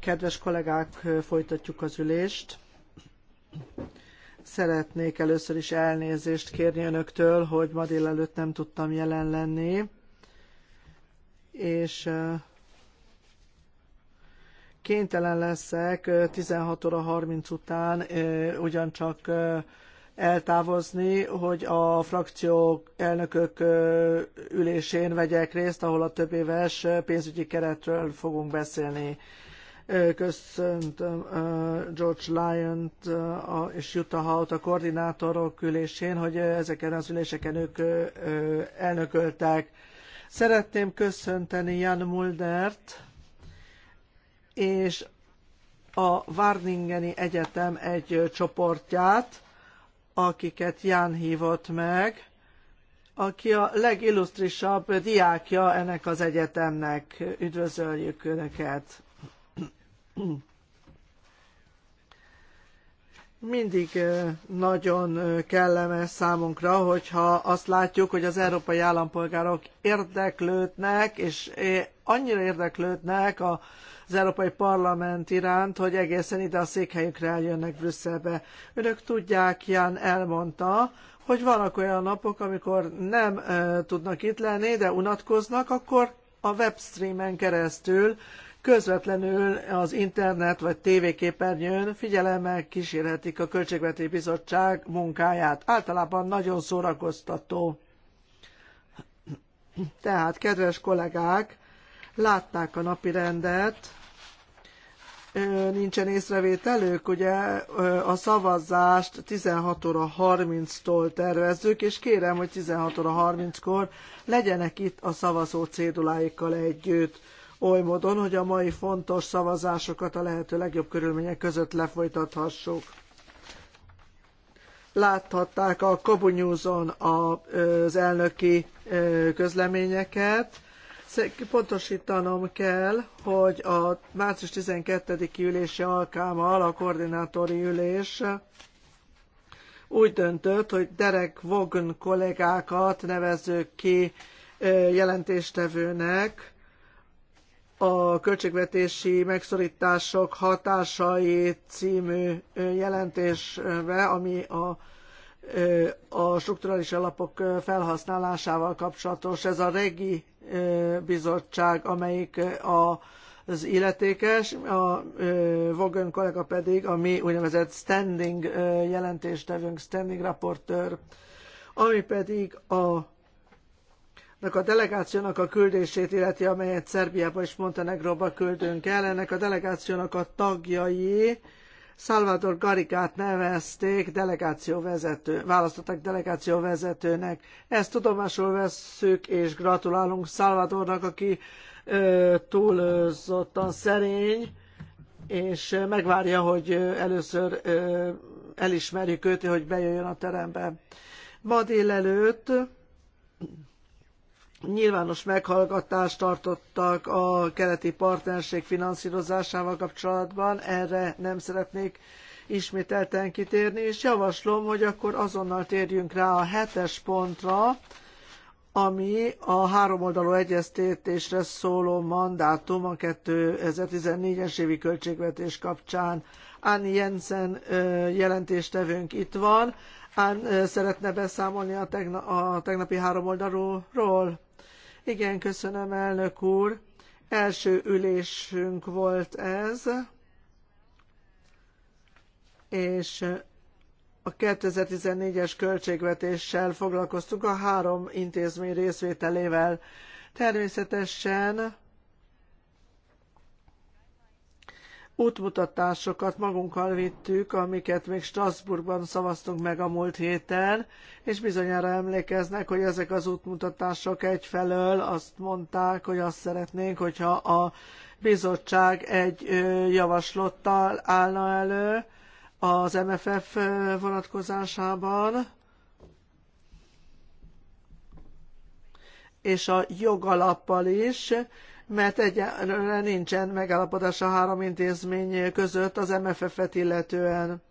Kedves kollégák, folytatjuk az ülést. Szeretnék először is elnézést kérni önöktől, hogy ma délelőtt nem tudtam jelen lenni, és kénytelen leszek sixteen thirty után ugyancsak eltávozni, hogy a frakciók elnökök ülésén vegyek részt, ahol a több éves pénzügyi keretről fogunk beszélni. Köszöntöm George Lyon t és Jutta Haut a koordinátorok ülésén, hogy ezeken az üléseken ők elnököltek. Szeretném köszönteni Jan Muldert és a Warningeni Egyetem egy csoportját, akiket Ján hívott meg, aki a legillusztrisabb diákja ennek az egyetemnek. Üdvözöljük Önöket! Mindig nagyon kellemes számunkra, hogyha azt látjuk, hogy az európai állampolgárok érdeklődnek, és annyira érdeklődnek a az Európai Parlament iránt, hogy egészen ide a székhelyükre eljönnek Brüsszelbe. Önök tudják, Ján elmondta, hogy vannak olyan napok, amikor nem e, tudnak itt lenni, de unatkoznak, akkor a webstreamen keresztül közvetlenül az internet vagy tévéképernyőn figyelemmel kísérhetik a Költségvetési Bizottság munkáját. Általában nagyon szórakoztató. Tehát, kedves kollégák, látták a napi rendet, nincsen észrevételők, ugye a szavazást 16 óra 30-tól tervezzük, és kérem, hogy 16 óra 30-kor legyenek itt a szavazó céduláikkal együtt, oly módon, hogy a mai fontos szavazásokat a lehető legjobb körülmények között lefolytathassuk. Láthatták a Kobu News-on az elnöki közleményeket, pontosítanom kell, hogy a március 12-i ülési alkalmal a koordinátori ülés úgy döntött, hogy Derek Vogan kollégákat nevezzük ki jelentéstevőnek a költségvetési megszorítások hatásai című jelentésbe, ami a a strukturális alapok felhasználásával kapcsolatos. Ez a regi bizottság, amelyik a az illetékes, a Vogön kollega pedig a mi úgynevezett standing jelentéstevőnk, standing raportőr, ami pedig a a delegációnak a küldését illeti, amelyet Szerbiába és Montenegróba küldünk el. Ennek a delegációnak a tagjai Salvador Garigát nevezték vezető, választották delegációvezetőnek. Ezt tudomásul vesszük, és gratulálunk Salvadornak, aki ö, túlzottan szerény, és megvárja, hogy először ö, elismerjük őt, hogy bejöjjön a terembe. Ma délelőtt nyilvános meghallgatást tartottak a keleti partnerség finanszírozásával kapcsolatban, erre nem szeretnék ismételten kitérni, és javaslom, hogy akkor azonnal térjünk rá a hetes pontra, ami a háromoldalú egyeztetésre szóló mandátum a 2014-es évi költségvetés kapcsán. Anni Jensen jelentéstevőnk itt van. Ann szeretne beszámolni a, tegna- a tegnapi háromoldalúról? Igen, köszönöm, elnök úr. Első ülésünk volt ez, és a 2014-es költségvetéssel foglalkoztunk a három intézmény részvételével. Természetesen útmutatásokat magunkkal vittük, amiket még Strasbourgban szavaztunk meg a múlt héten, és bizonyára emlékeznek, hogy ezek az útmutatások egyfelől azt mondták, hogy azt szeretnénk, hogyha a bizottság egy javaslattal állna elő az MFF vonatkozásában, és a jogalappal is, mert egyelőre nincsen megállapodás a három intézmény között az MFF-et illetően.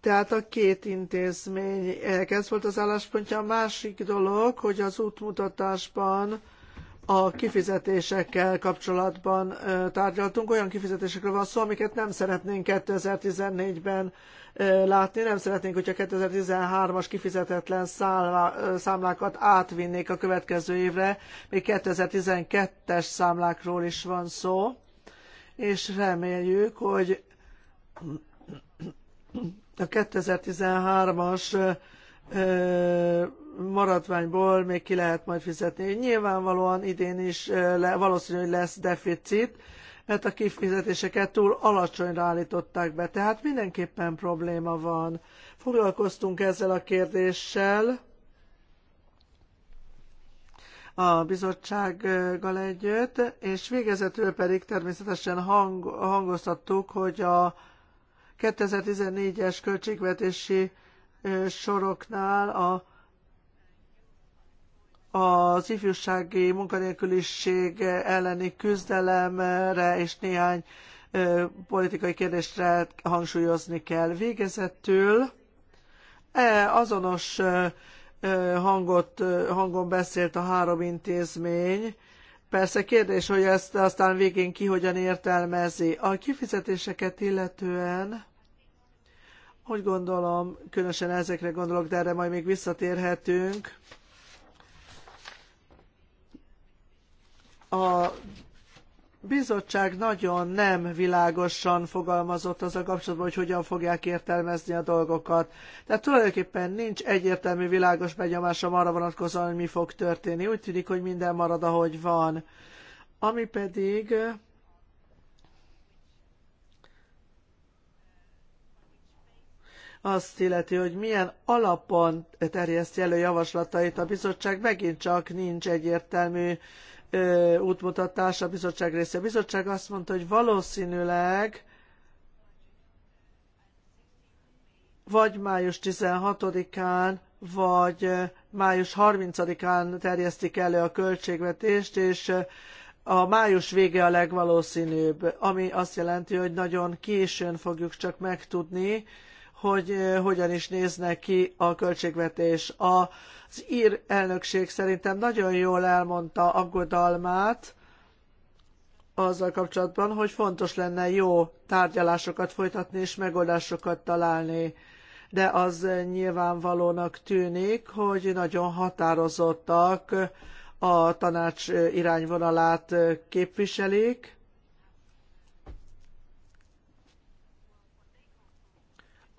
Tehát a két intézmény, ez volt az álláspontja. A másik dolog, hogy az útmutatásban a kifizetésekkel kapcsolatban tárgyaltunk. Olyan kifizetésekről van szó, amiket nem szeretnénk 2014-ben látni. Nem szeretnénk, hogyha 2013-as kifizetetlen számlákat átvinnék a következő évre, még 2012-es számlákról is van szó, és reméljük, hogy a 2013-as maradványból még ki lehet majd fizetni. Nyilvánvalóan idén is valószínű, hogy lesz deficit, mert hát a kifizetéseket túl alacsonyra állították be. Tehát mindenképpen probléma van. Foglalkoztunk ezzel a kérdéssel a bizottsággal együtt, és végezetül pedig természetesen hang, hangoztattuk, hogy a 2014-es költségvetési soroknál a az ifjúsági munkanélküliség elleni küzdelemre és néhány politikai kérdésre hangsúlyozni kell. Végezetül e, azonos hangot, hangon beszélt a három intézmény. Persze kérdés, hogy ezt aztán végén ki hogyan értelmezi. A kifizetéseket illetően úgy gondolom, különösen ezekre gondolok, de erre majd még visszatérhetünk. A bizottság nagyon nem világosan fogalmazott az a kapcsolatban, hogy hogyan fogják értelmezni a dolgokat. Tehát tulajdonképpen nincs egyértelmű világos benyomásom arra vonatkozóan, hogy mi fog történni. Úgy tűnik, hogy minden marad, ahogy van. Ami pedig azt illeti, hogy milyen alapon terjeszti elő javaslatait a bizottság, megint csak nincs egyértelmű ö, útmutatás a bizottság része. A bizottság azt mondta, hogy valószínűleg vagy május 16-án, vagy május 30-án terjesztik elő a költségvetést, és a május vége a legvalószínűbb, ami azt jelenti, hogy nagyon későn fogjuk csak megtudni, hogy hogyan is nézne ki a költségvetés. Az ír elnökség szerintem nagyon jól elmondta aggodalmát, azzal kapcsolatban, hogy fontos lenne jó tárgyalásokat folytatni és megoldásokat találni. De az nyilvánvalónak tűnik, hogy nagyon határozottak a tanács irányvonalát képviselik,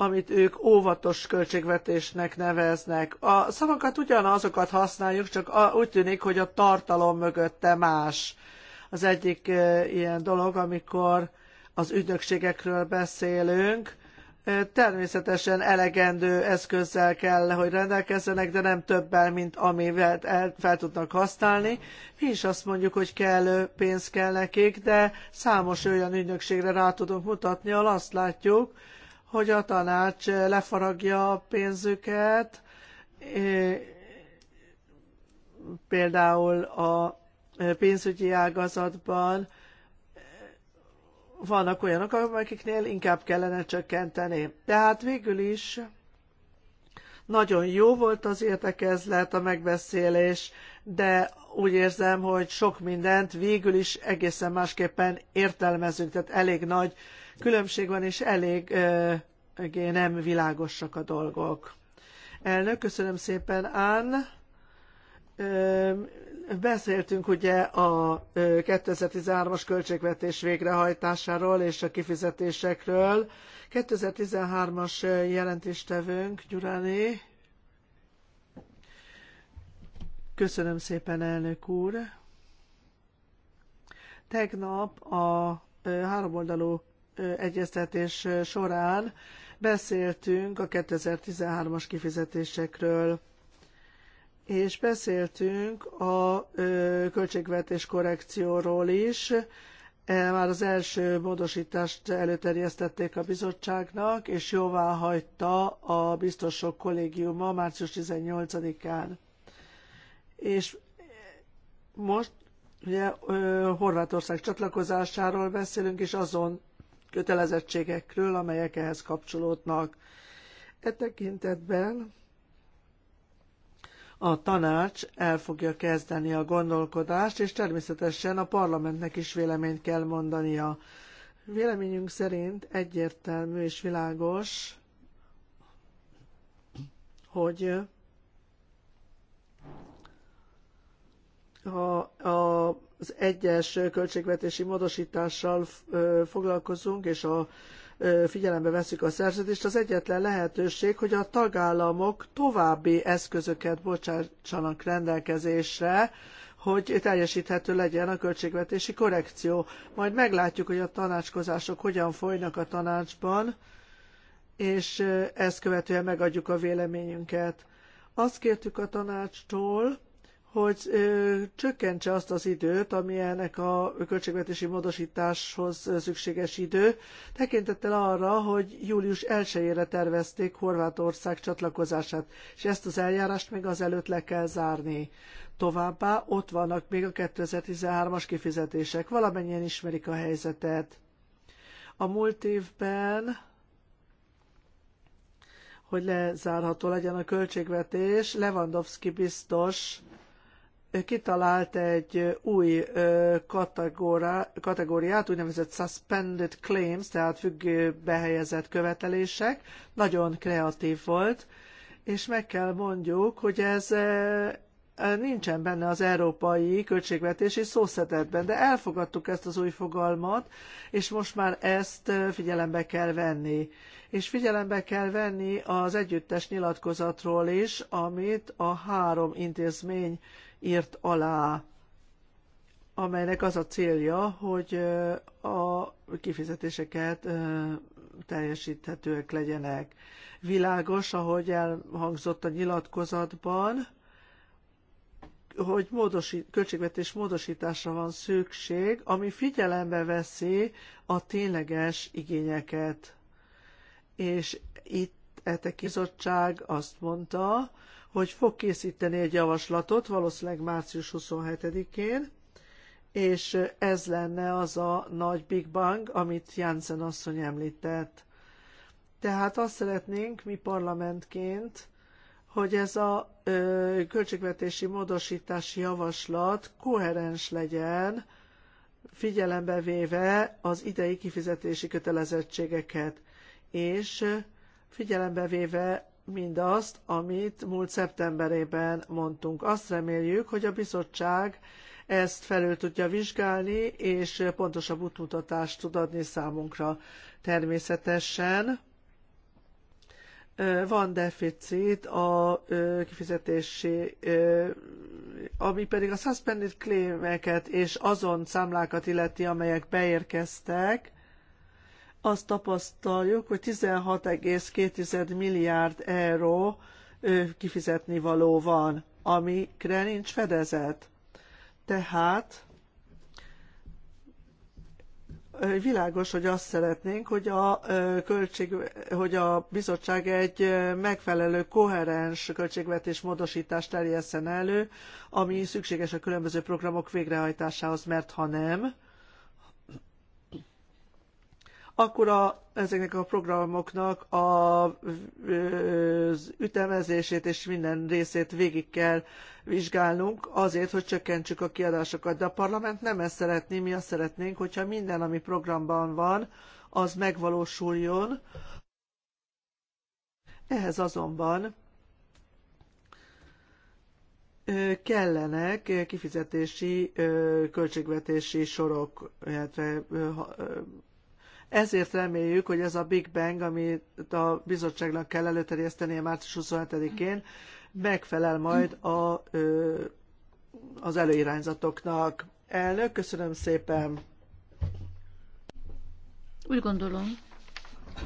amit ők óvatos költségvetésnek neveznek. A szavakat ugyanazokat használjuk, csak úgy tűnik, hogy a tartalom mögötte más. Az egyik ilyen dolog, amikor az ügynökségekről beszélünk, Természetesen elegendő eszközzel kell, hogy rendelkezzenek, de nem többel, mint amivel fel tudnak használni. Mi is azt mondjuk, hogy kellő pénz kell nekik, de számos olyan ügynökségre rá tudunk mutatni, ahol azt látjuk, hogy a tanács lefaragja a pénzüket, például a pénzügyi ágazatban vannak olyanok, akiknél inkább kellene csökkenteni. Tehát végül is nagyon jó volt az értekezlet, a megbeszélés, de úgy érzem, hogy sok mindent végül is egészen másképpen értelmezünk, tehát elég nagy különbség van, és elég nem világosak a dolgok. Elnök, köszönöm szépen, Ann. Beszéltünk ugye a 2013-as költségvetés végrehajtásáról és a kifizetésekről. 2013-as jelentéstevőnk, Gyuráné. Köszönöm szépen, elnök úr. Tegnap a háromoldalú egyeztetés során beszéltünk a 2013-as kifizetésekről, és beszéltünk a költségvetés korrekcióról is. E, már az első módosítást előterjesztették a bizottságnak, és jóvá hagyta a biztosok kollégiuma március 18-án. És most ugye Horvátország csatlakozásáról beszélünk, és azon kötelezettségekről, amelyek ehhez kapcsolódnak. E tekintetben a tanács el fogja kezdeni a gondolkodást, és természetesen a parlamentnek is véleményt kell mondania. Véleményünk szerint egyértelmű és világos, hogy a a az egyes költségvetési módosítással foglalkozunk, és a figyelembe veszük a szerződést, az egyetlen lehetőség, hogy a tagállamok további eszközöket bocsátsanak rendelkezésre, hogy teljesíthető legyen a költségvetési korrekció. Majd meglátjuk, hogy a tanácskozások hogyan folynak a tanácsban, és ezt követően megadjuk a véleményünket. Azt kértük a tanácstól, hogy ö, csökkentse azt az időt, ami ennek a költségvetési módosításhoz szükséges idő, tekintettel arra, hogy július 1-ére tervezték Horvátország csatlakozását, és ezt az eljárást még azelőtt le kell zárni. Továbbá ott vannak még a 2013-as kifizetések, valamennyien ismerik a helyzetet. A múlt évben hogy lezárható legyen a költségvetés, Lewandowski biztos kitalált egy új kategóriát, úgynevezett suspended claims, tehát függőbe helyezett követelések. Nagyon kreatív volt, és meg kell mondjuk, hogy ez nincsen benne az európai költségvetési szószetetben, de elfogadtuk ezt az új fogalmat, és most már ezt figyelembe kell venni. És figyelembe kell venni az együttes nyilatkozatról is, amit a három intézmény írt alá, amelynek az a célja, hogy a kifizetéseket teljesíthetőek legyenek. Világos, ahogy elhangzott a nyilatkozatban, hogy módosít, költségvetés módosításra van szükség, ami figyelembe veszi a tényleges igényeket. És itt a e bizottság azt mondta, hogy fog készíteni egy javaslatot, valószínűleg március 27-én, és ez lenne az a nagy Big Bang, amit Janssen asszony említett. Tehát azt szeretnénk mi parlamentként, hogy ez a ö, költségvetési módosítási javaslat koherens legyen, figyelembe véve az idei kifizetési kötelezettségeket, és figyelembe véve mindazt, amit múlt szeptemberében mondtunk. Azt reméljük, hogy a bizottság ezt felül tudja vizsgálni, és pontosabb útmutatást tud adni számunkra. Természetesen van deficit a kifizetési, ami pedig a suspended claimeket és azon számlákat illeti, amelyek beérkeztek, azt tapasztaljuk, hogy 16,2 milliárd euró kifizetni való van, amikre nincs fedezet. Tehát világos, hogy azt szeretnénk, hogy a, költség, hogy a bizottság egy megfelelő koherens költségvetés módosítást terjesszen elő, ami szükséges a különböző programok végrehajtásához, mert ha nem, akkor a, ezeknek a programoknak a, az ütemezését és minden részét végig kell vizsgálnunk azért, hogy csökkentsük a kiadásokat. De a parlament nem ezt szeretné, mi azt szeretnénk, hogyha minden, ami programban van, az megvalósuljon. Ehhez azonban kellenek kifizetési költségvetési sorok, illetve ezért reméljük, hogy ez a Big Bang, amit a bizottságnak kell előterjesztenie március 27-én, megfelel majd a, az előirányzatoknak. Elnök, köszönöm szépen! Úgy gondolom,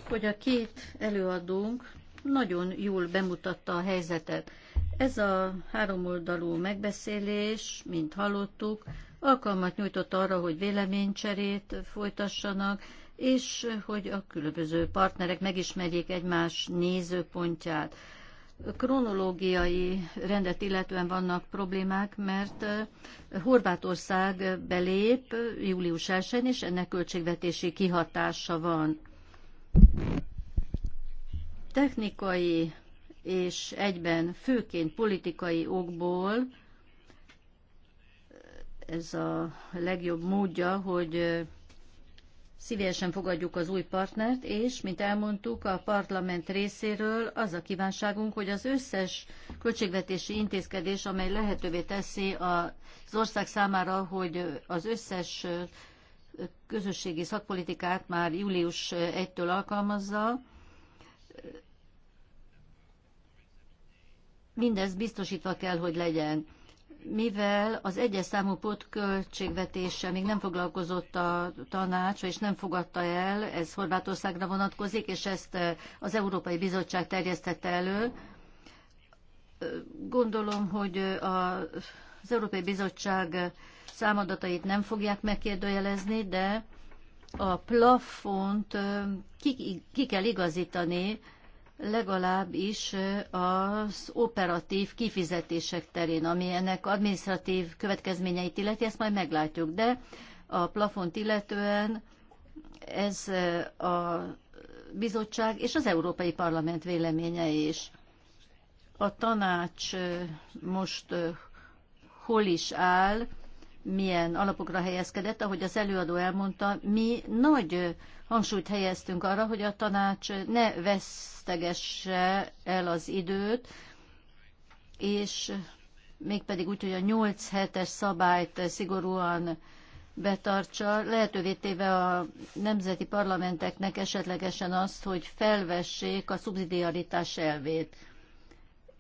hogy a két előadónk nagyon jól bemutatta a helyzetet. Ez a háromoldalú megbeszélés, mint hallottuk, alkalmat nyújtott arra, hogy véleménycserét folytassanak, és hogy a különböző partnerek megismerjék egymás nézőpontját. Kronológiai rendet illetően vannak problémák, mert eh, Horvátország belép július 1 és ennek költségvetési kihatása van. Technikai és egyben főként politikai okból eh, ez a legjobb módja, hogy eh, Szívesen fogadjuk az új partnert, és, mint elmondtuk, a parlament részéről az a kívánságunk, hogy az összes költségvetési intézkedés, amely lehetővé teszi az ország számára, hogy az összes közösségi szakpolitikát már július 1-től alkalmazza, mindez biztosítva kell, hogy legyen mivel az egyes számú pot költségvetése még nem foglalkozott a tanács, és nem fogadta el, ez Horvátországra vonatkozik, és ezt eh, az Európai Bizottság terjesztette elő. Eh, gondolom, hogy eh, az Európai Bizottság számadatait nem fogják megkérdőjelezni, de a plafont ki, ki kell igazítani legalábbis az operatív kifizetések terén, ami ennek administratív következményeit illeti, ezt majd meglátjuk, de a plafont illetően ez a bizottság és az Európai Parlament véleménye is. A tanács most hol is áll, milyen alapokra helyezkedett, ahogy az előadó elmondta, mi nagy hangsúlyt helyeztünk arra, hogy a tanács ne vesztegesse el az időt, és mégpedig úgy, hogy a 8 hetes szabályt szigorúan betartsa, lehetővé téve a nemzeti parlamenteknek esetlegesen azt, hogy felvessék a szubszidiaritás elvét.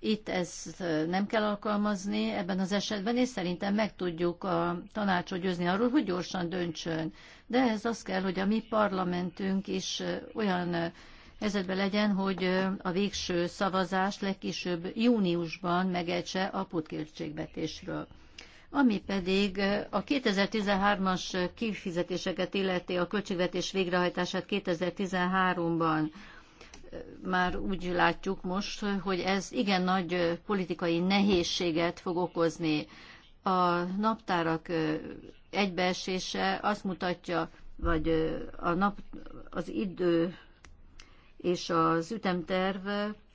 Itt ezt nem kell alkalmazni ebben az esetben, és szerintem meg tudjuk a tanácsot győzni arról, hogy gyorsan döntsön. De ehhez az kell, hogy a mi parlamentünk is olyan helyzetben legyen, hogy a végső szavazást legkésőbb júniusban megejtse a putkértségbetésről. Ami pedig a 2013-as kifizetéseket illeti a költségvetés végrehajtását 2013-ban, már úgy látjuk most, hogy ez igen nagy politikai nehézséget fog okozni. A naptárak egybeesése azt mutatja, vagy a nap, az idő és az ütemterv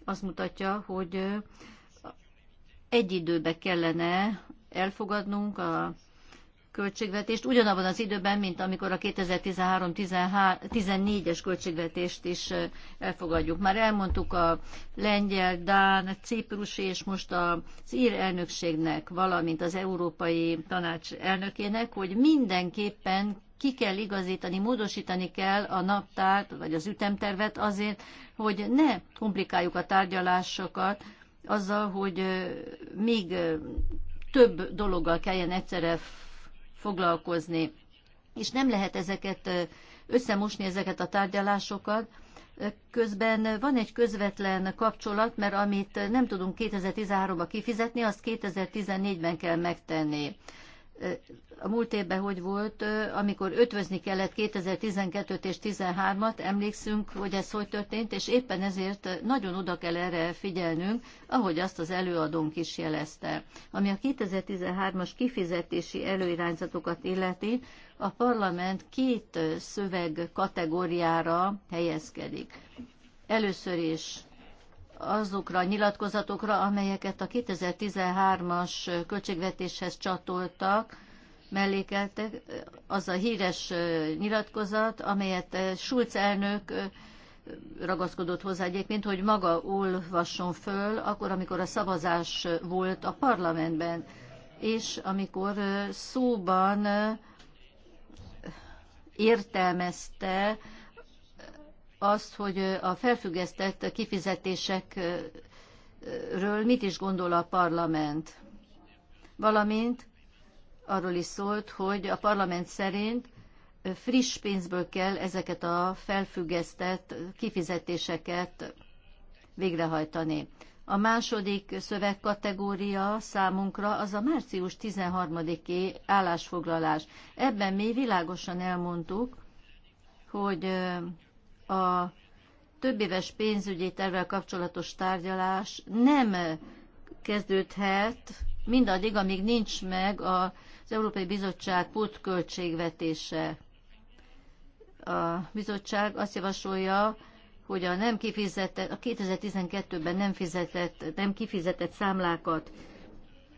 azt mutatja, hogy egy időbe kellene elfogadnunk a költségvetést ugyanabban az időben, mint amikor a 2013-14-es költségvetést is elfogadjuk. Már elmondtuk a lengyel, dán, ciprus és most az ír elnökségnek, valamint az Európai Tanács elnökének, hogy mindenképpen ki kell igazítani, módosítani kell a naptárt, vagy az ütemtervet azért, hogy ne komplikáljuk a tárgyalásokat azzal, hogy még több dologgal kelljen egyszerre foglalkozni. És nem lehet ezeket összemosni ezeket a tárgyalásokat, Közben van egy közvetlen kapcsolat, mert amit nem tudunk 2013-ban kifizetni, azt 2014-ben kell megtenni a múlt évben hogy volt, amikor ötvözni kellett 2012-t és 2013-at, emlékszünk, hogy ez hogy történt, és éppen ezért nagyon oda kell erre figyelnünk, ahogy azt az előadónk is jelezte. Ami a 2013-as kifizetési előirányzatokat illeti, a parlament két szöveg kategóriára helyezkedik. Először is azokra a nyilatkozatokra, amelyeket a 2013-as költségvetéshez csatoltak, mellékeltek, az a híres nyilatkozat, amelyet Schulz elnök ragaszkodott hozzá egyébként, hogy maga olvasson föl, akkor, amikor a szavazás volt a parlamentben, és amikor szóban értelmezte azt, hogy a felfüggesztett kifizetésekről mit is gondol a parlament, valamint arról is szólt, hogy a parlament szerint friss pénzből kell ezeket a felfüggesztett kifizetéseket végrehajtani. A második szövegkategória számunkra az a március 13-i állásfoglalás. Ebben mi világosan elmondtuk, hogy a többéves pénzügyi tervvel kapcsolatos tárgyalás nem kezdődhet mindaddig, amíg nincs meg az Európai Bizottság pótköltségvetése. A bizottság azt javasolja, hogy a nem kifizetett, a 2012-ben nem fizetett, nem kifizetett számlákat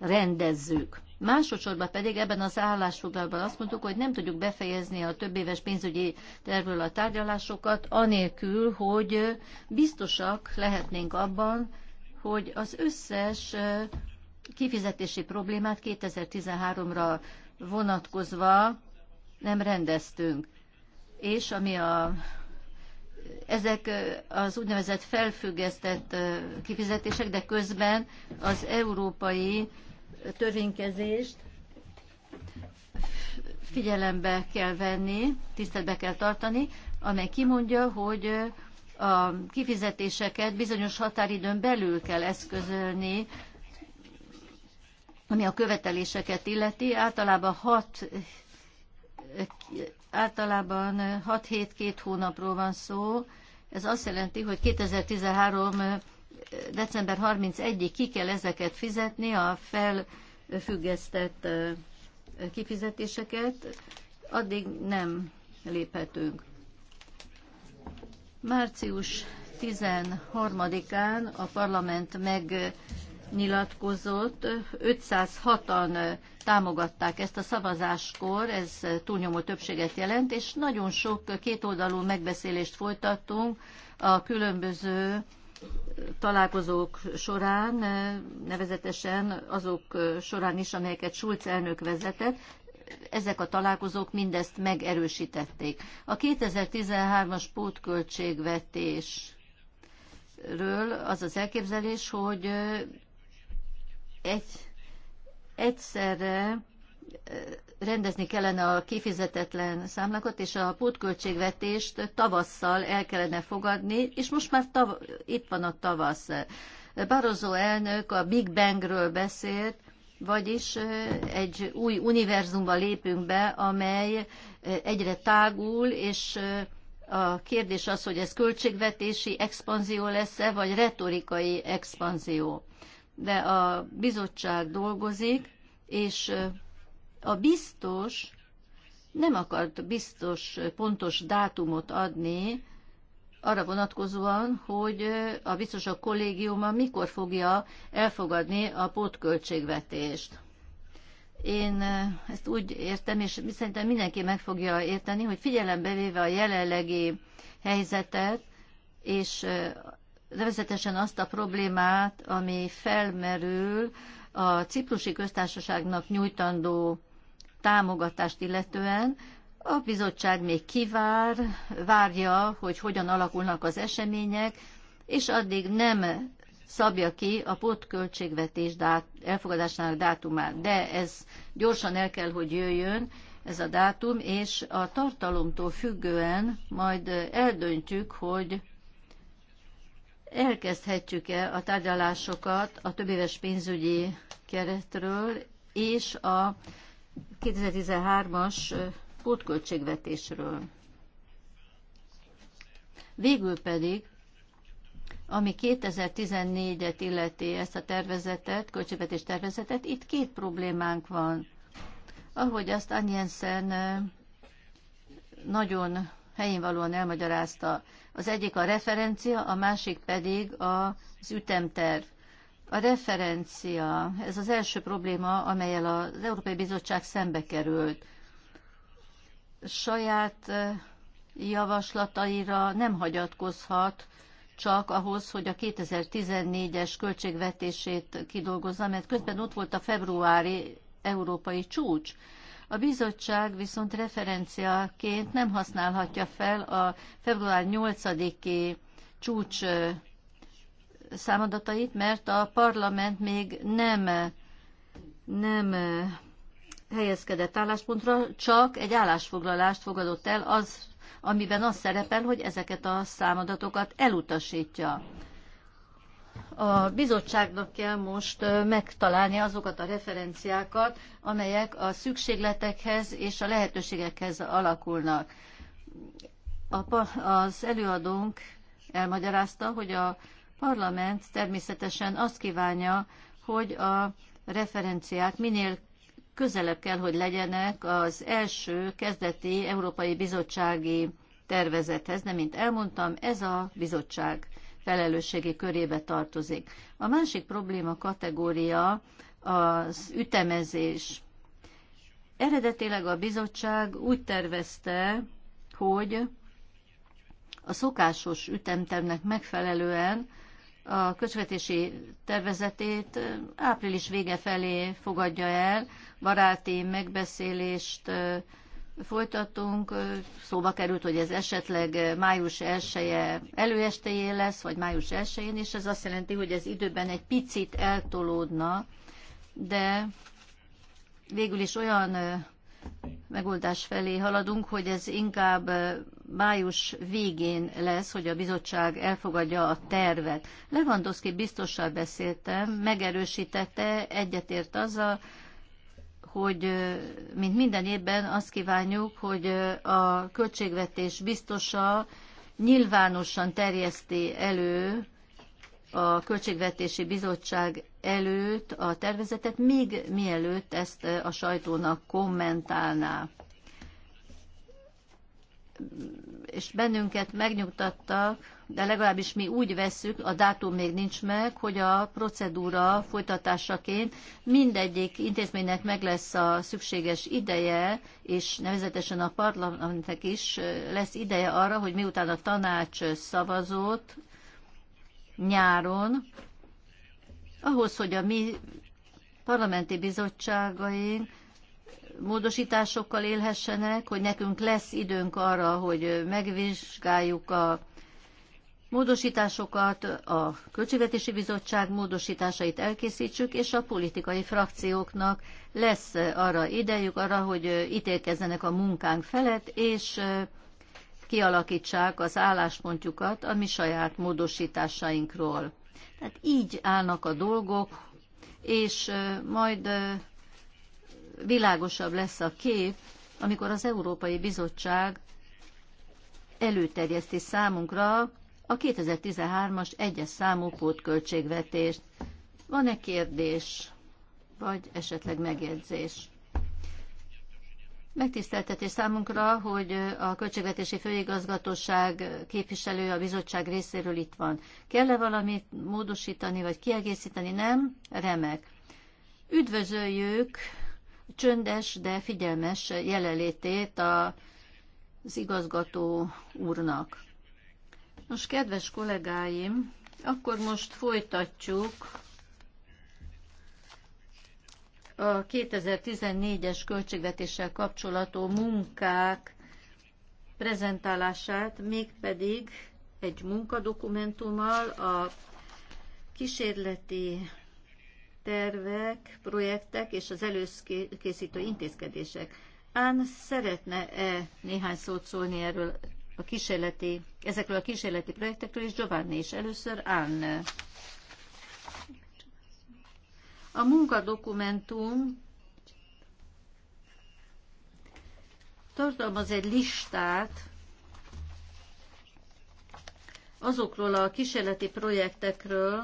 rendezzük. Másodszorban pedig ebben az állásfoglalban azt mondtuk, hogy nem tudjuk befejezni a több éves pénzügyi tervről a tárgyalásokat, anélkül, hogy biztosak lehetnénk abban, hogy az összes kifizetési problémát 2013-ra vonatkozva nem rendeztünk. És ami a ezek az úgynevezett felfüggesztett kifizetések, de közben az európai törvénykezést figyelembe kell venni, tiszteletbe kell tartani, amely kimondja, hogy a kifizetéseket bizonyos határidőn belül kell eszközölni ami a követeléseket illeti, általában 6 általában 6 hét két hónapról van szó. Ez azt jelenti, hogy 2013 december 31-ig ki kell ezeket fizetni, a felfüggesztett kifizetéseket, addig nem léphetünk. Március 13-án a parlament meg nyilatkozott. 506-an támogatták ezt a szavazáskor, ez túlnyomó többséget jelent, és nagyon sok kétoldalú megbeszélést folytattunk a különböző találkozók során, nevezetesen azok során is, amelyeket Schulz elnök vezetett, ezek a találkozók mindezt megerősítették. A 2013-as pótköltségvetésről az az elképzelés, hogy egy, egyszerre rendezni kellene a kifizetetlen számlakot és a pótköltségvetést tavasszal el kellene fogadni, és most már tav- itt van a tavasz. Barozó elnök a Big Bangről beszélt, vagyis egy új univerzumba lépünk be, amely egyre tágul, és a kérdés az, hogy ez költségvetési expanzió lesz-e, vagy retorikai expanzió de a bizottság dolgozik, és a biztos nem akart biztos, pontos dátumot adni arra vonatkozóan, hogy a biztosok kollégiuma mikor fogja elfogadni a pótköltségvetést. Én ezt úgy értem, és szerintem mindenki meg fogja érteni, hogy figyelembe véve a jelenlegi helyzetet, és nevezetesen azt a problémát, ami felmerül a ciprusi köztársaságnak nyújtandó támogatást illetően. A bizottság még kivár, várja, hogy hogyan alakulnak az események, és addig nem szabja ki a pótköltségvetés dát, elfogadásának dátumát. De ez gyorsan el kell, hogy jöjjön, ez a dátum, és a tartalomtól függően majd eldöntjük, hogy elkezdhetjük-e a tárgyalásokat a többéves pénzügyi keretről és a 2013-as pótköltségvetésről. Végül pedig, ami 2014-et illeti ezt a tervezetet, költségvetés tervezetet, itt két problémánk van. Ahogy azt Anjensen nagyon Helyén valóan elmagyarázta. Az egyik a referencia, a másik pedig az ütemterv. A referencia, ez az első probléma, amelyel az Európai Bizottság szembe került. Saját javaslataira nem hagyatkozhat, csak ahhoz, hogy a 2014-es költségvetését kidolgozza, mert közben ott volt a februári európai csúcs, a bizottság viszont referenciaként nem használhatja fel a február 8-i csúcs számadatait, mert a parlament még nem, nem helyezkedett álláspontra, csak egy állásfoglalást fogadott el, az, amiben az szerepel, hogy ezeket a számadatokat elutasítja. A bizottságnak kell most megtalálni azokat a referenciákat, amelyek a szükségletekhez és a lehetőségekhez alakulnak. Az előadónk elmagyarázta, hogy a parlament természetesen azt kívánja, hogy a referenciák minél közelebb kell, hogy legyenek az első kezdeti Európai Bizottsági tervezethez, de mint elmondtam, ez a bizottság felelősségi körébe tartozik. A másik probléma kategória az ütemezés. Eredetileg a bizottság úgy tervezte, hogy a szokásos ütemtervnek megfelelően a közvetési tervezetét április vége felé fogadja el, baráti megbeszélést folytatunk. Szóba került, hogy ez esetleg május 1 -e előestéjé lesz, vagy május 1-én, és ez azt jelenti, hogy ez időben egy picit eltolódna, de végül is olyan megoldás felé haladunk, hogy ez inkább május végén lesz, hogy a bizottság elfogadja a tervet. Lewandowski biztossal beszéltem, megerősítette, egyetért azzal, hogy mint minden évben azt kívánjuk, hogy a költségvetés biztosa nyilvánosan terjeszti elő a Költségvetési Bizottság előtt a tervezetet, még mielőtt ezt a sajtónak kommentálná. És bennünket megnyugtattak, de legalábbis mi úgy vesszük, a dátum még nincs meg, hogy a procedúra folytatásaként mindegyik intézménynek meg lesz a szükséges ideje, és nevezetesen a parlamentnek is lesz ideje arra, hogy miután a tanács szavazott nyáron, ahhoz, hogy a mi parlamenti bizottságaink módosításokkal élhessenek, hogy nekünk lesz időnk arra, hogy megvizsgáljuk a módosításokat, a Költségvetési Bizottság módosításait elkészítsük, és a politikai frakcióknak lesz arra idejük, arra, hogy ítélkezzenek a munkánk felett, és kialakítsák az álláspontjukat a mi saját módosításainkról. Tehát így állnak a dolgok, és majd világosabb lesz a kép, amikor az Európai Bizottság előterjeszti számunkra a 2013-as egyes számú pótköltségvetést. Van-e kérdés, vagy esetleg megjegyzés? Megtiszteltetés számunkra, hogy a Költségvetési Főigazgatóság képviselő a bizottság részéről itt van. Kell-e valamit módosítani, vagy kiegészíteni? Nem? Remek. Üdvözöljük csöndes, de figyelmes jelenlétét az igazgató úrnak. Nos, kedves kollégáim, akkor most folytatjuk a 2014-es költségvetéssel kapcsolató munkák prezentálását, mégpedig egy munkadokumentummal a kísérleti tervek, projektek és az előkészítő intézkedések. Án szeretne-e néhány szót szólni erről a kísérleti, ezekről a kísérleti projektekről, és Giovanni is először Anne. A munkadokumentum tartalmaz egy listát azokról a kísérleti projektekről,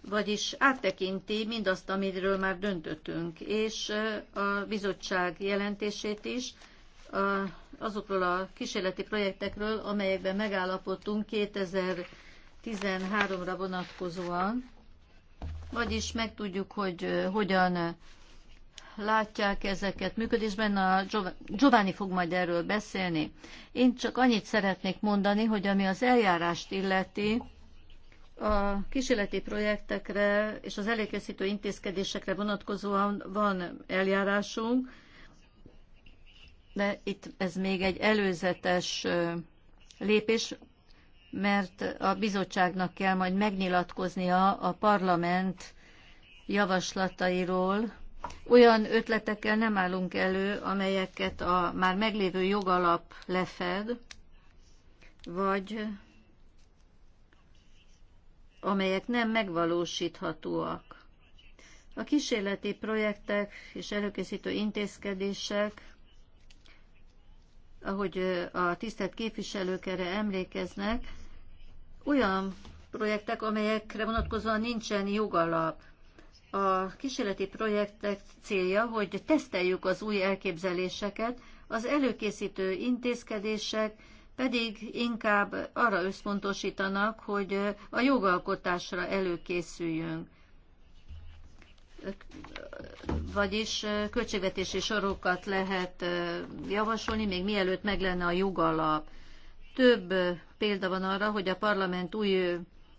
vagyis áttekinti mindazt, amiről már döntöttünk, és a bizottság jelentését is, a azokról a kísérleti projektekről, amelyekben megállapodtunk 2013-ra vonatkozóan, vagyis megtudjuk, hogy hogyan látják ezeket működésben. A Giovanni fog majd erről beszélni. Én csak annyit szeretnék mondani, hogy ami az eljárást illeti, a kísérleti projektekre és az előkészítő intézkedésekre vonatkozóan van eljárásunk, de itt ez még egy előzetes lépés, mert a bizottságnak kell majd megnyilatkoznia a parlament javaslatairól. Olyan ötletekkel nem állunk elő, amelyeket a már meglévő jogalap lefed, vagy amelyek nem megvalósíthatóak. A kísérleti projektek és előkészítő intézkedések ahogy a tisztelt képviselők erre emlékeznek, olyan projektek, amelyekre vonatkozóan nincsen jogalap. A kísérleti projektek célja, hogy teszteljük az új elképzeléseket, az előkészítő intézkedések pedig inkább arra összpontosítanak, hogy a jogalkotásra előkészüljünk vagyis költségvetési sorokat lehet javasolni, még mielőtt meg lenne a jogalap. Több példa van arra, hogy a parlament új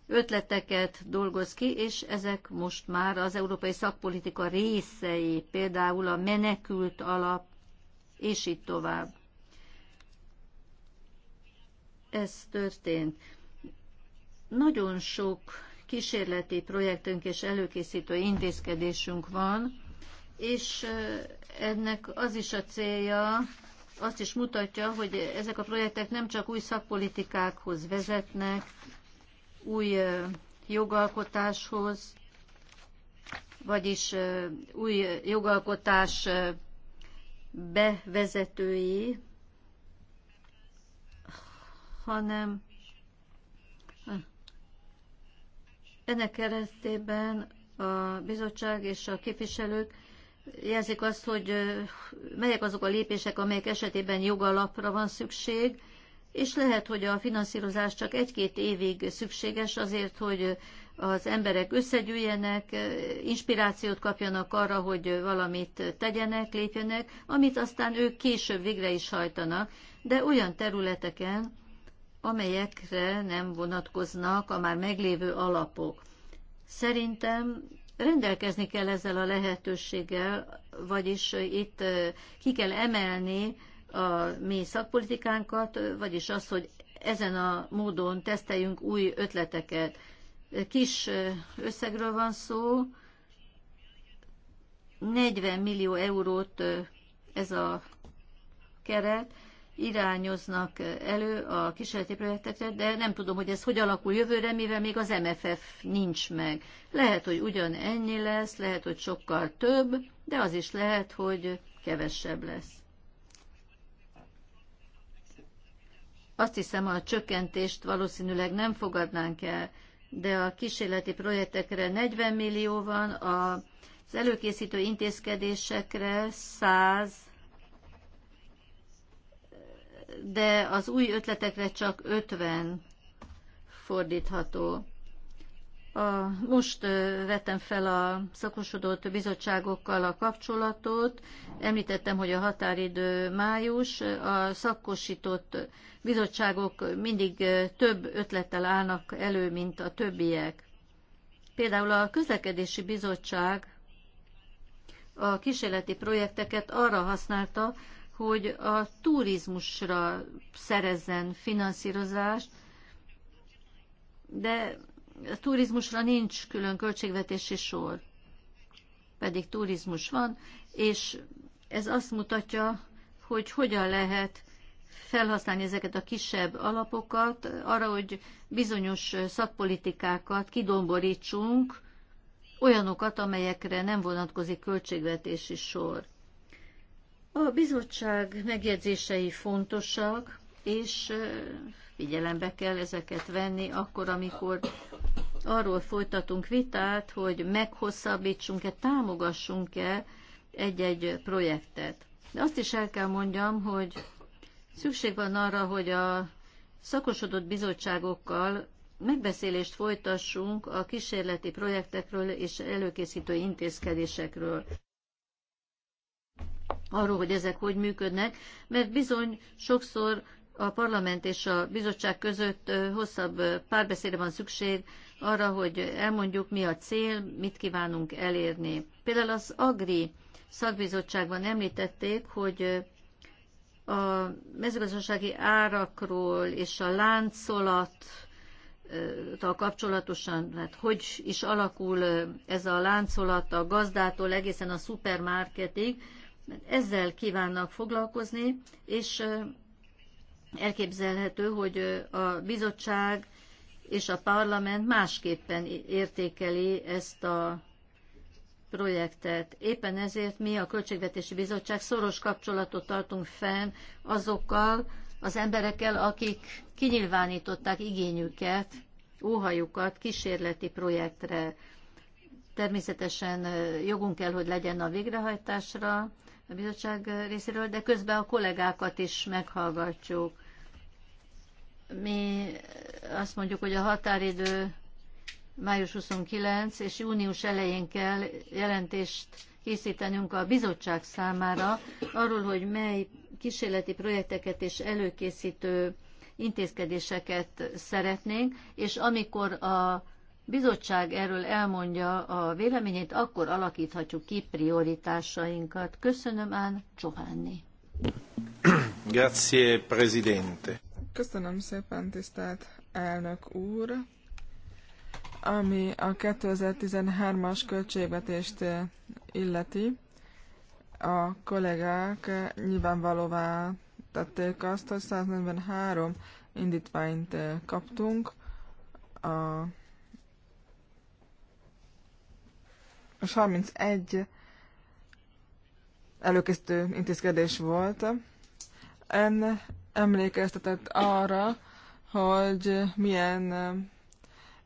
ötleteket dolgoz ki, és ezek most már az európai szakpolitika részei, például a menekült alap, és így tovább. Ez történt. Nagyon sok kísérleti projektünk és előkészítő intézkedésünk van, és ennek az is a célja, azt is mutatja, hogy ezek a projektek nem csak új szakpolitikákhoz vezetnek, új jogalkotáshoz, vagyis új jogalkotás bevezetői, hanem Ennek keretében a bizottság és a képviselők jelzik azt, hogy melyek azok a lépések, amelyek esetében jogalapra van szükség, és lehet, hogy a finanszírozás csak egy-két évig szükséges azért, hogy az emberek összegyűjjenek, inspirációt kapjanak arra, hogy valamit tegyenek, lépjenek, amit aztán ők később végre is hajtanak, de olyan területeken, amelyekre nem vonatkoznak a már meglévő alapok. Szerintem rendelkezni kell ezzel a lehetőséggel, vagyis itt eh, ki kell emelni a mi szakpolitikánkat, vagyis az, hogy ezen a módon teszteljünk új ötleteket. Kis eh, összegről van szó, 40 millió eurót eh, ez a keret, irányoznak elő a kísérleti projektekre, de nem tudom, hogy ez hogy alakul jövőre, mivel még az MFF nincs meg. Lehet, hogy ugyan ennyi lesz, lehet, hogy sokkal több, de az is lehet, hogy kevesebb lesz. Azt hiszem, a csökkentést valószínűleg nem fogadnánk el, de a kísérleti projektekre 40 millió van, az előkészítő intézkedésekre 100 de az új ötletekre csak 50 fordítható. A, most vettem fel a szakosodott bizottságokkal a kapcsolatot. Említettem, hogy a határidő május. A szakosított bizottságok mindig több ötlettel állnak elő, mint a többiek. Például a közlekedési bizottság a kísérleti projekteket arra használta, hogy a turizmusra szerezzen finanszírozást, de a turizmusra nincs külön költségvetési sor, pedig turizmus van, és ez azt mutatja, hogy hogyan lehet felhasználni ezeket a kisebb alapokat arra, hogy bizonyos szakpolitikákat kidomborítsunk, olyanokat, amelyekre nem vonatkozik költségvetési sor. A bizottság megjegyzései fontosak, és figyelembe kell ezeket venni akkor, amikor arról folytatunk vitát, hogy meghosszabbítsunk-e, támogassunk-e egy-egy projektet. De azt is el kell mondjam, hogy szükség van arra, hogy a szakosodott bizottságokkal megbeszélést folytassunk a kísérleti projektekről és előkészítő intézkedésekről arról, hogy ezek hogy működnek, mert bizony sokszor a parlament és a bizottság között hosszabb párbeszédre van szükség arra, hogy elmondjuk, mi a cél, mit kívánunk elérni. Például az Agri szakbizottságban említették, hogy a mezőgazdasági árakról és a láncolat kapcsolatosan, hát hogy is alakul ez a láncolat a gazdától egészen a szupermarketig, ezzel kívánnak foglalkozni, és elképzelhető, hogy a bizottság és a parlament másképpen értékeli ezt a projektet. Éppen ezért mi a Költségvetési Bizottság szoros kapcsolatot tartunk fenn azokkal az emberekkel, akik kinyilvánították igényüket, óhajukat kísérleti projektre. Természetesen jogunk kell, hogy legyen a végrehajtásra, a bizottság részéről, de közben a kollégákat is meghallgatjuk. Mi azt mondjuk, hogy a határidő május 29 és június elején kell jelentést készítenünk a bizottság számára arról, hogy mely kísérleti projekteket és előkészítő intézkedéseket szeretnénk, és amikor a bizottság erről elmondja a véleményét, akkor alakíthatjuk ki prioritásainkat. Köszönöm, Án Giovanni. Grazie, Presidente. Köszönöm szépen, tisztelt elnök úr. Ami a 2013-as költségvetést eh, illeti, a kollégák eh, nyilvánvalóvá tették azt, hogy 143 indítványt eh, kaptunk a és 31 előkészítő intézkedés volt. En emlékeztetett arra, hogy milyen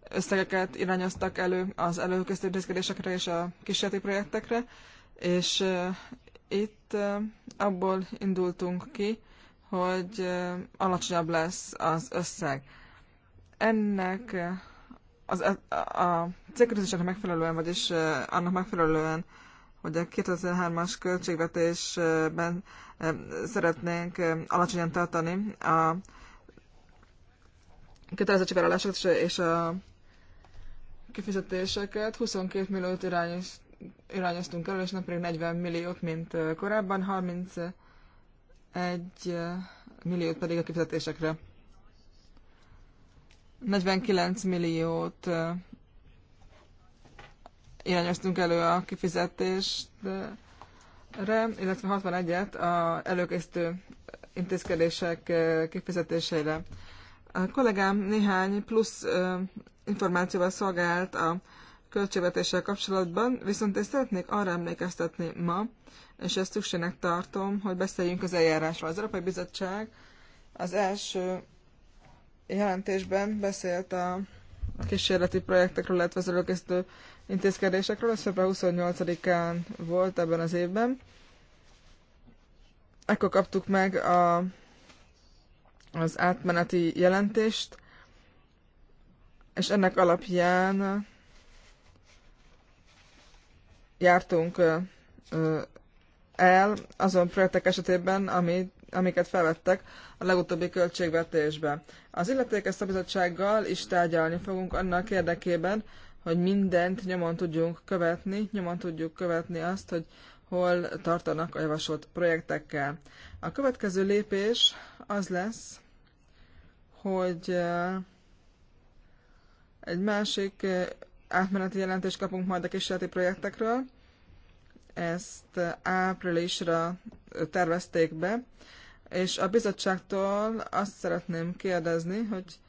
összegeket irányoztak elő az előkészítő intézkedésekre és a kísérleti projektekre, és eh, itt eh, abból indultunk ki, hogy eh, alacsonyabb lesz az összeg. Ennek az, e- a, a célkötőzésnek megfelelően, vagyis annak megfelelően, hogy a 2003-as költségvetésben szeretnénk alacsonyan tartani a kötelezettségvállalásokat és a kifizetéseket. 22 milliót irányos, irányoztunk el, és nem pedig 40 milliót, mint korábban, 31 milliót pedig a kifizetésekre. 49 milliót irányoztunk elő a kifizetésre, illetve 61-et a előkészítő intézkedések kifizetésére. A kollégám néhány plusz információval szolgált a költségvetéssel kapcsolatban, viszont én szeretnék arra emlékeztetni ma, és ezt szükségnek tartom, hogy beszéljünk az eljárásról. Az Európai Bizottság az első jelentésben beszélt a kísérleti projektekről, illetve az előkészítő intézkedésekről. Ez február 28-án volt ebben az évben. Ekkor kaptuk meg a, az átmeneti jelentést, és ennek alapján jártunk el azon projektek esetében, amit amiket felvettek a legutóbbi költségvetésbe. Az illetékes szabizottsággal is tárgyalni fogunk annak érdekében, hogy mindent nyomon tudjunk követni, nyomon tudjuk követni azt, hogy hol tartanak a javasolt projektekkel. A következő lépés az lesz, hogy egy másik átmeneti jelentést kapunk majd a kísérleti projektekről. Ezt áprilisra tervezték be, és a bizottságtól azt szeretném kérdezni, hogy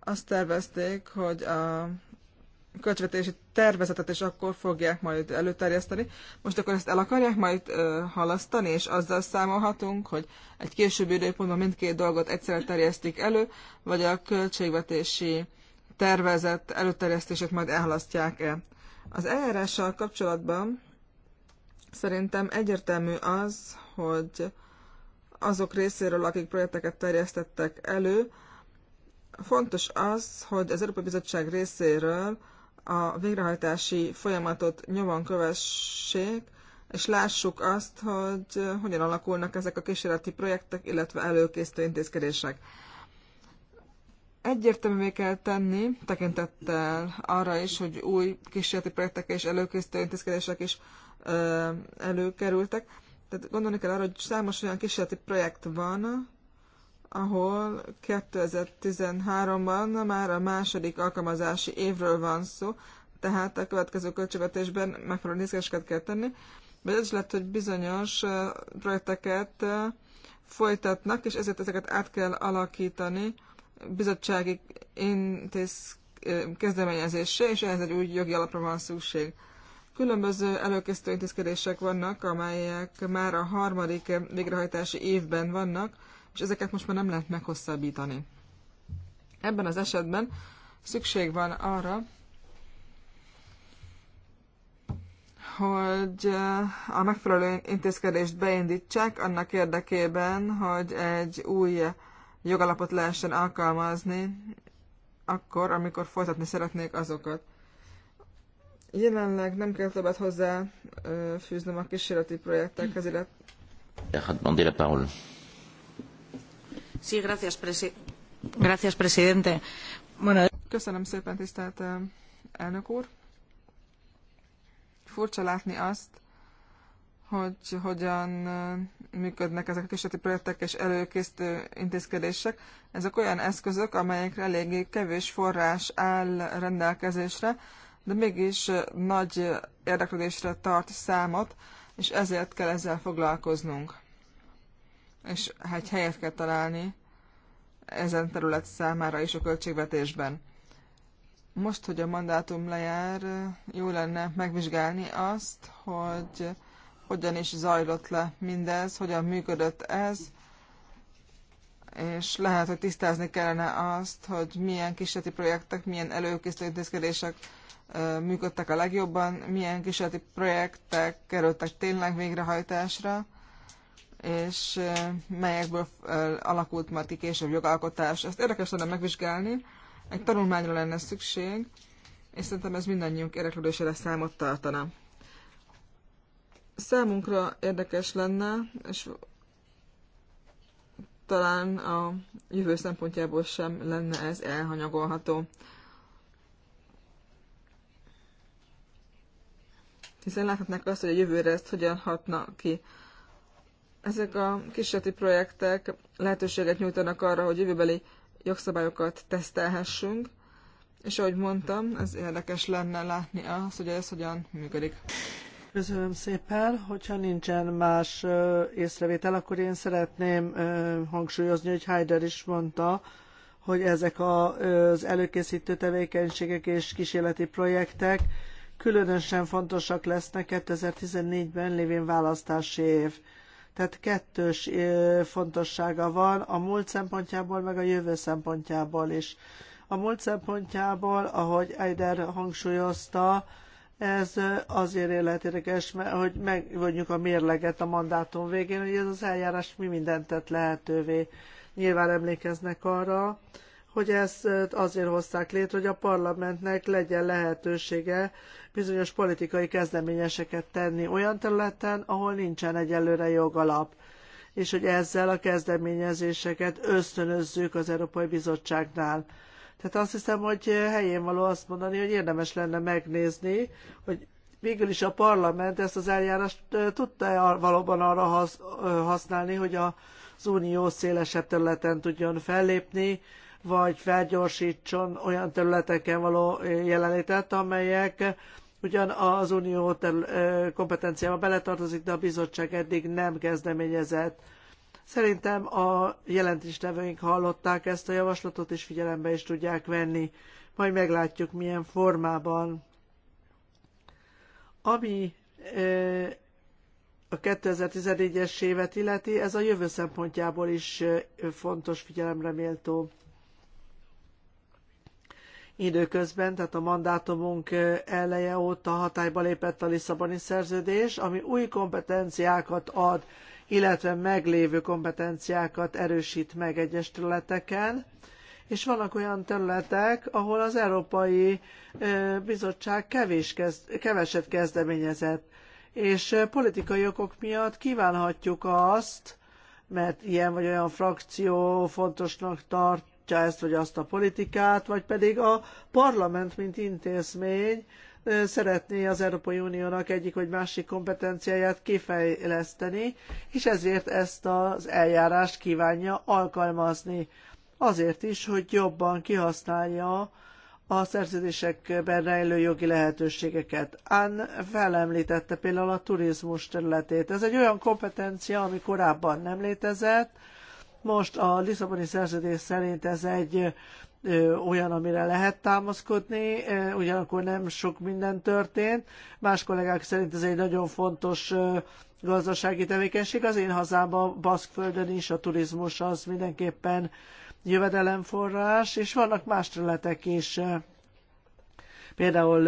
azt tervezték, hogy a költségvetési tervezetet és akkor fogják majd előterjeszteni. Most akkor ezt el akarják majd ö, halasztani, és azzal számolhatunk, hogy egy későbbi időpontban mindkét dolgot egyszerre terjesztik elő, vagy a költségvetési tervezet előterjesztését majd elhalasztják-e. Az eljárással kapcsolatban szerintem egyértelmű az, hogy azok részéről, akik projekteket terjesztettek elő. Fontos az, hogy az Európai Bizottság részéről a végrehajtási folyamatot nyomon kövessék, és lássuk azt, hogy hogyan alakulnak ezek a kísérleti projektek, illetve előkészítő intézkedések. Egyértelművé kell tenni, tekintettel arra is, hogy új kísérleti projektek és előkészítő intézkedések is előkerültek, tehát gondolni kell arra, hogy számos olyan kísérleti projekt van, ahol 2013-ban már a második alkalmazási évről van szó, tehát a következő költségvetésben megfelelő nézkeseket kell tenni, vagy az is lehet, hogy bizonyos projekteket folytatnak, és ezért ezeket át kell alakítani bizottsági intéz kezdeményezésre, és ehhez egy új jogi alapra van szükség. Különböző előkészítő intézkedések vannak, amelyek már a harmadik végrehajtási évben vannak, és ezeket most már nem lehet meghosszabbítani. Ebben az esetben szükség van arra, hogy eh, a megfelelő intézkedést beindítsák annak érdekében, hogy egy új jogalapot lehessen alkalmazni akkor, amikor folytatni szeretnék azokat. Jelenleg nem kell többet hozzá fűznöm a kísérleti projektekhez, illetve... Demandé hát la Paul. Sí, gracias, presi... gracias presidente. Bueno... Köszönöm szépen, tisztelt elnök úr. Furcsa látni azt, hogy hogyan működnek ezek a kísérleti projektek és előkészítő intézkedések. Ezek olyan eszközök, amelyekre eléggé kevés forrás áll rendelkezésre, de mégis nagy érdeklődésre tart számot, és ezért kell ezzel foglalkoznunk. És hát helyet kell találni ezen terület számára is a költségvetésben. Most, hogy a mandátum lejár, jó lenne megvizsgálni azt, hogy hogyan is zajlott le mindez, hogyan működött ez, és lehet, hogy tisztázni kellene azt, hogy milyen kisleti projektek, milyen előkészítő intézkedések működtek a legjobban, milyen kísérleti projektek kerültek tényleg végrehajtásra, és melyekből alakult már ki később jogalkotás. Ezt érdekes lenne megvizsgálni, egy tanulmányra lenne szükség, és szerintem ez mindannyiunk érdeklődésére számot tartana. Számunkra érdekes lenne, és talán a jövő szempontjából sem lenne ez elhanyagolható. hiszen láthatnák azt, hogy a jövőre ezt hogyan hatna ki. Ezek a kísérleti projektek lehetőséget nyújtanak arra, hogy jövőbeli jogszabályokat tesztelhessünk, és ahogy mondtam, ez érdekes lenne látni azt, hogy ez hogyan működik. Köszönöm szépen, hogyha nincsen más észrevétel, akkor én szeretném hangsúlyozni, hogy Heider is mondta, hogy ezek az előkészítő tevékenységek és kísérleti projektek különösen fontosak lesznek 2014-ben lévén választási év. Tehát kettős fontossága van a múlt szempontjából, meg a jövő szempontjából is. A múlt szempontjából, ahogy Eider hangsúlyozta, ez azért életérekes, hogy megvonjuk a mérleget a mandátum végén, hogy ez az eljárás mi mindent tett lehetővé. Nyilván emlékeznek arra, hogy ezt azért hozták létre, hogy a parlamentnek legyen lehetősége bizonyos politikai kezdeményeseket tenni olyan területen, ahol nincsen egyelőre jogalap és hogy ezzel a kezdeményezéseket ösztönözzük az Európai Bizottságnál. Tehát azt hiszem, hogy helyén való azt mondani, hogy érdemes lenne megnézni, hogy végül is a parlament ezt az eljárást tudta valóban arra használni, hogy az unió szélesebb területen tudjon fellépni, vagy felgyorsítson olyan területeken való jelenlétet, amelyek ugyan az unió terül- kompetenciába beletartozik, de a bizottság eddig nem kezdeményezett. Szerintem a jelentéstevőink hallották ezt a javaslatot, és figyelembe is tudják venni. Majd meglátjuk, milyen formában. Ami a 2014-es évet illeti, ez a jövő szempontjából is fontos figyelemre méltó időközben, tehát a mandátumunk eleje óta hatályba lépett a Lisszaboni szerződés, ami új kompetenciákat ad, illetve meglévő kompetenciákat erősít meg egyes területeken, és vannak olyan területek, ahol az Európai Bizottság kevés kezd, keveset kezdeményezett, és politikai okok miatt kívánhatjuk azt, mert ilyen vagy olyan frakció fontosnak tart, támogatja ezt vagy azt a politikát, vagy pedig a parlament, mint intézmény szeretné az Európai Uniónak egyik vagy másik kompetenciáját kifejleszteni, és ezért ezt az eljárást kívánja alkalmazni. Azért is, hogy jobban kihasználja a szerződésekben rejlő jogi lehetőségeket. Ann felemlítette például a turizmus területét. Ez egy olyan kompetencia, ami korábban nem létezett, most a Lisszaboni szerződés szerint ez egy olyan, amire lehet támaszkodni, ugyanakkor nem sok minden történt. Más kollégák szerint ez egy nagyon fontos gazdasági tevékenység. Az én hazámban, Baszkföldön is a turizmus az mindenképpen jövedelemforrás, és vannak más területek is, például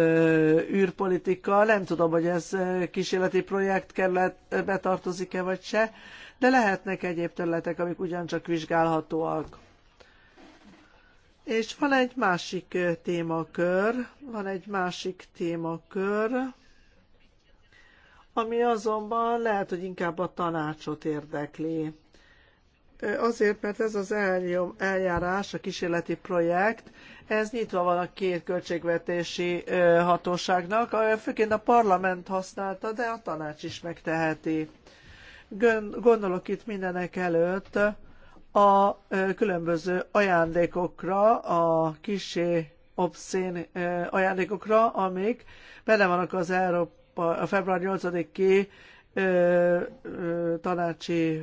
űrpolitika, nem tudom, hogy ez kísérleti projekt kellett, betartozik-e vagy se, de lehetnek egyéb területek, amik ugyancsak vizsgálhatóak. És van egy másik témakör, van egy másik témakör, ami azonban lehet, hogy inkább a tanácsot érdekli. Azért, mert ez az eljárás, a kísérleti projekt, ez nyitva van a két költségvetési hatóságnak, főként a parlament használta, de a tanács is megteheti. Gondolok itt mindenek előtt a különböző ajándékokra, a kisé obszén ajándékokra, amik benne vannak az Európa, a február 8-i tanácsi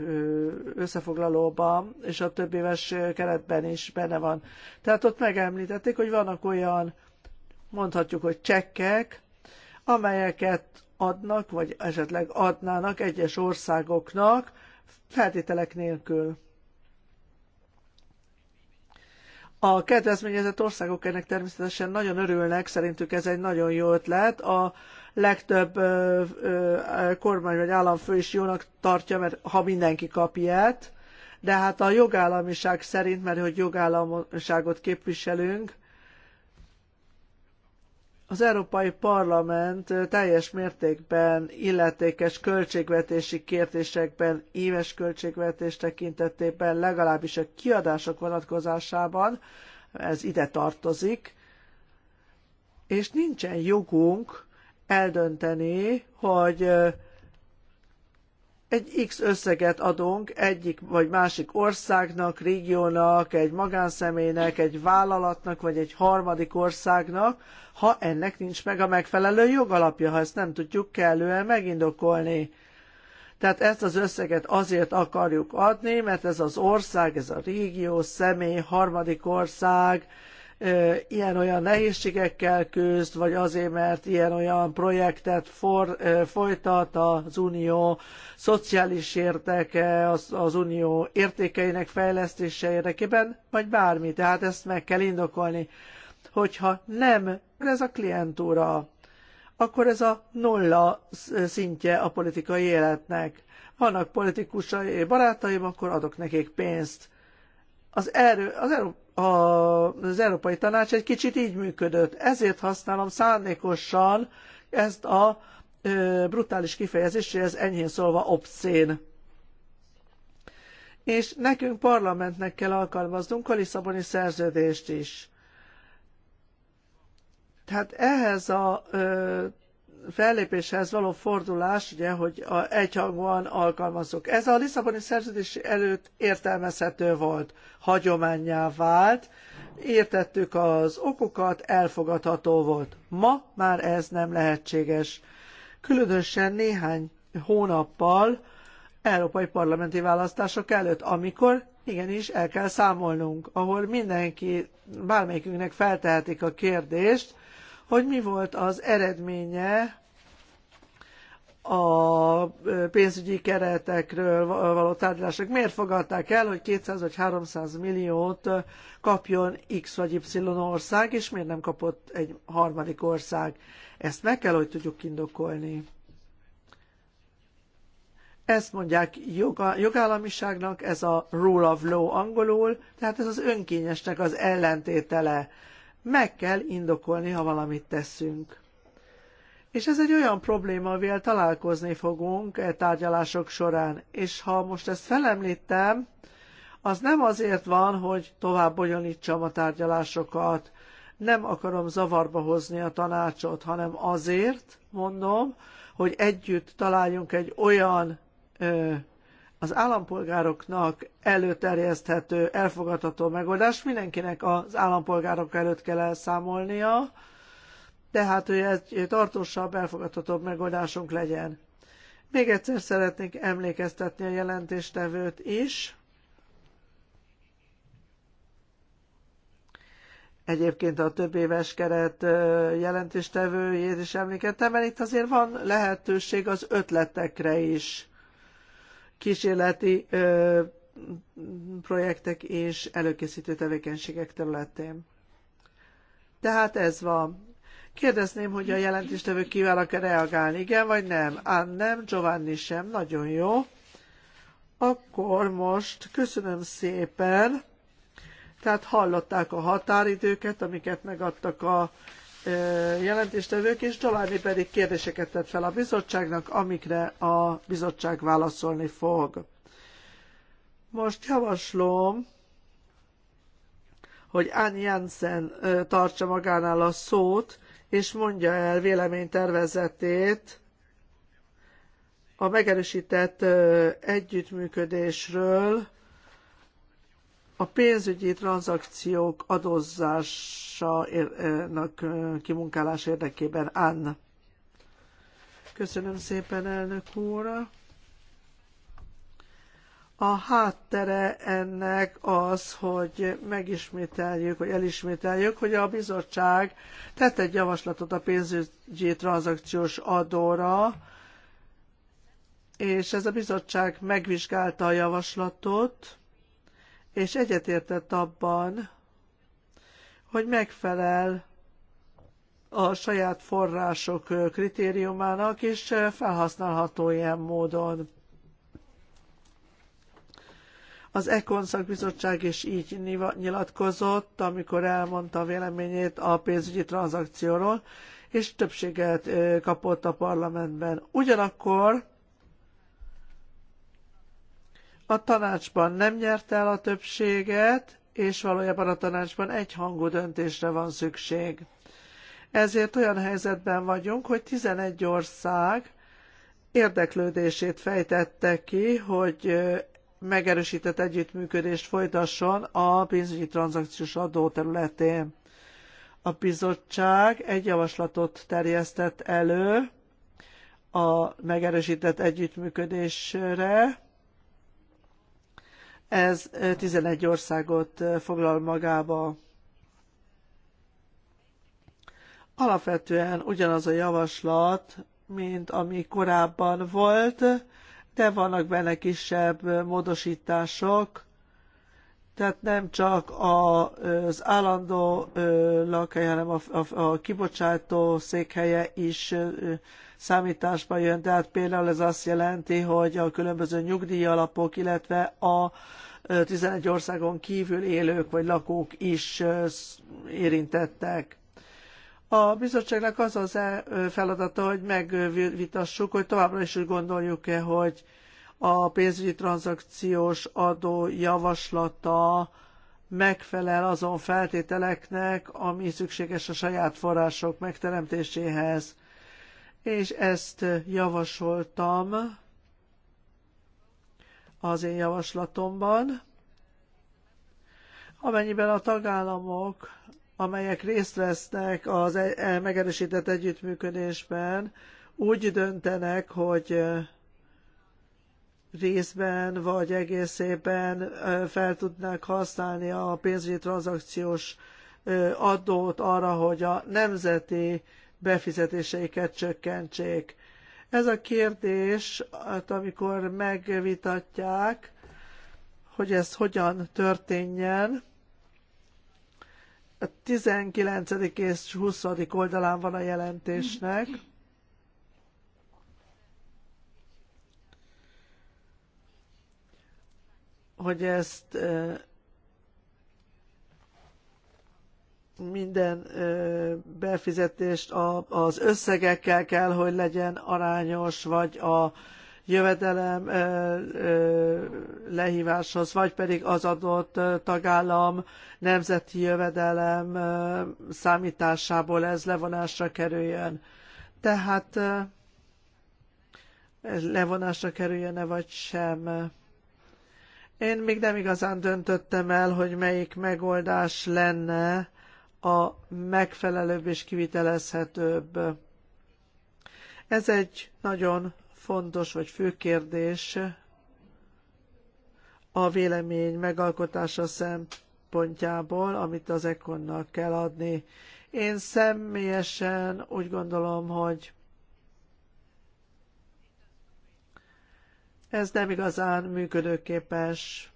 összefoglalóban, és a több éves keretben is benne van. Tehát ott megemlítették, hogy vannak olyan, mondhatjuk, hogy csekkek, amelyeket adnak, vagy esetleg adnának egyes országoknak feltételek nélkül. A kedvezményezett országok ennek természetesen nagyon örülnek, szerintük ez egy nagyon jó ötlet. A legtöbb ö, ö, kormány vagy államfő is jónak tartja, mert ha mindenki kap ilyet, de hát a jogállamiság szerint, mert hogy jogállamiságot képviselünk, az Európai Parlament teljes mértékben illetékes költségvetési kérdésekben, éves költségvetés tekintetében, legalábbis a kiadások vonatkozásában, ez ide tartozik, és nincsen jogunk eldönteni, hogy egy X összeget adunk egyik vagy másik országnak, régiónak, egy magánszemélynek, egy vállalatnak, vagy egy harmadik országnak, ha ennek nincs meg a megfelelő jogalapja, ha ezt nem tudjuk kellően megindokolni. Tehát ezt az összeget azért akarjuk adni, mert ez az ország, ez a régió, személy, harmadik ország, ilyen-olyan nehézségekkel küzd, vagy azért, mert ilyen-olyan projektet for, folytat az Unió szociális érdeke, az, az Unió értékeinek fejlesztése érdekében, vagy bármi. Tehát ezt meg kell indokolni. Hogyha nem, ez a klientúra, akkor ez a nulla szintje a politikai életnek. Vannak politikusai barátaim, akkor adok nekik pénzt. Az, erő, az Európai az Európai Tanács egy kicsit így működött. Ezért használom szándékosan ezt a brutális kifejezést, hogy ez enyhén szólva obszén és nekünk parlamentnek kell alkalmaznunk a Lisszaboni szerződést is. Tehát ehhez a ö, fellépéshez való fordulás, ugye, hogy a, egyhangúan alkalmazzuk. Ez a Lisszaboni szerződés előtt értelmezhető volt, hagyományá vált, értettük az okokat, elfogadható volt. Ma már ez nem lehetséges. Különösen néhány hónappal európai parlamenti választások előtt, amikor igenis el kell számolnunk, ahol mindenki, bármelyikünknek feltehetik a kérdést, hogy mi volt az eredménye a pénzügyi keretekről való tárgyalások. Miért fogadták el, hogy 200 vagy 300 milliót kapjon X vagy Y ország, és miért nem kapott egy harmadik ország? Ezt meg kell, hogy tudjuk indokolni. Ezt mondják joga, jogállamiságnak, ez a rule of law angolul, tehát ez az önkényesnek az ellentétele meg kell indokolni, ha valamit teszünk. És ez egy olyan probléma, amivel találkozni fogunk e tárgyalások során. És ha most ezt felemlítem, az nem azért van, hogy tovább bonyolítsam a tárgyalásokat, nem akarom zavarba hozni a tanácsot, hanem azért, mondom, hogy együtt találjunk egy olyan ö, az állampolgároknak előterjeszthető, elfogadható megoldás. Mindenkinek az állampolgárok előtt kell elszámolnia, tehát hogy egy tartósabb, elfogadhatóbb megoldásunk legyen. Még egyszer szeretnék emlékeztetni a jelentéstevőt is. Egyébként a több éves keret jelentéstevőjét is említettem, mert itt azért van lehetőség az ötletekre is kísérleti ö, projektek és előkészítő tevékenységek területén. Tehát ez van. Kérdezném, hogy a jelentéstevő kíván akar reagálni, igen vagy nem? Á, nem, Giovanni sem, nagyon jó. Akkor most köszönöm szépen. Tehát hallották a határidőket, amiket megadtak a jelentéstevők, és Giovanni pedig kérdéseket tett fel a bizottságnak, amikre a bizottság válaszolni fog. Most javaslom, hogy Ann Jensen tartsa magánál a szót, és mondja el véleménytervezetét a megerősített együttműködésről, a pénzügyi tranzakciók adózásának kimunkálás érdekében. Anna. Köszönöm szépen, elnök úr. A háttere ennek az, hogy megismételjük, vagy elismételjük, hogy a bizottság tett egy javaslatot a pénzügyi tranzakciós adóra, és ez a bizottság megvizsgálta a javaslatot, és egyetértett abban, hogy megfelel a saját források kritériumának, és felhasználható ilyen módon. Az Ekon szakbizottság is így nyilatkozott, amikor elmondta a véleményét a pénzügyi tranzakcióról, és többséget kapott a parlamentben. Ugyanakkor a tanácsban nem nyert el a többséget, és valójában a tanácsban egyhangú döntésre van szükség. Ezért olyan helyzetben vagyunk, hogy 11 ország érdeklődését fejtette ki, hogy megerősített együttműködést folytasson a pénzügyi tranzakciós adó területén. A bizottság egy javaslatot terjesztett elő a megerősített együttműködésre, ez 11 országot foglal magába. Alapvetően ugyanaz a javaslat, mint ami korábban volt, de vannak benne kisebb módosítások, tehát nem csak az állandó lakhely, hanem a, a kibocsátó székhelye is számításba jön. Tehát például ez azt jelenti, hogy a különböző nyugdíjalapok, illetve a 11 országon kívül élők vagy lakók is érintettek. A bizottságnak az az e, feladata, hogy megvitassuk, hogy továbbra is úgy gondoljuk-e, hogy a pénzügyi tranzakciós adó javaslata megfelel azon feltételeknek, ami szükséges a saját források megteremtéséhez és ezt javasoltam az én javaslatomban, amennyiben a tagállamok, amelyek részt vesznek az e- e- megerősített együttműködésben, úgy döntenek, hogy részben vagy egészében fel tudnák használni a pénzügyi tranzakciós adót arra, hogy a nemzeti befizetéseiket csökkentsék. Ez a kérdés, hát amikor megvitatják, hogy ez hogyan történjen, a 19. és 20. oldalán van a jelentésnek. hogy ezt eh, minden befizetést az összegekkel kell, hogy legyen arányos, vagy a jövedelem lehíváshoz, vagy pedig az adott tagállam nemzeti jövedelem számításából ez levonásra kerüljön. Tehát ez levonásra kerüljön-e vagy sem. Én még nem igazán döntöttem el, hogy melyik megoldás lenne, a megfelelőbb és kivitelezhetőbb. Ez egy nagyon fontos vagy fő kérdés a vélemény megalkotása szempontjából, amit az ekonnak kell adni. Én személyesen úgy gondolom, hogy ez nem igazán működőképes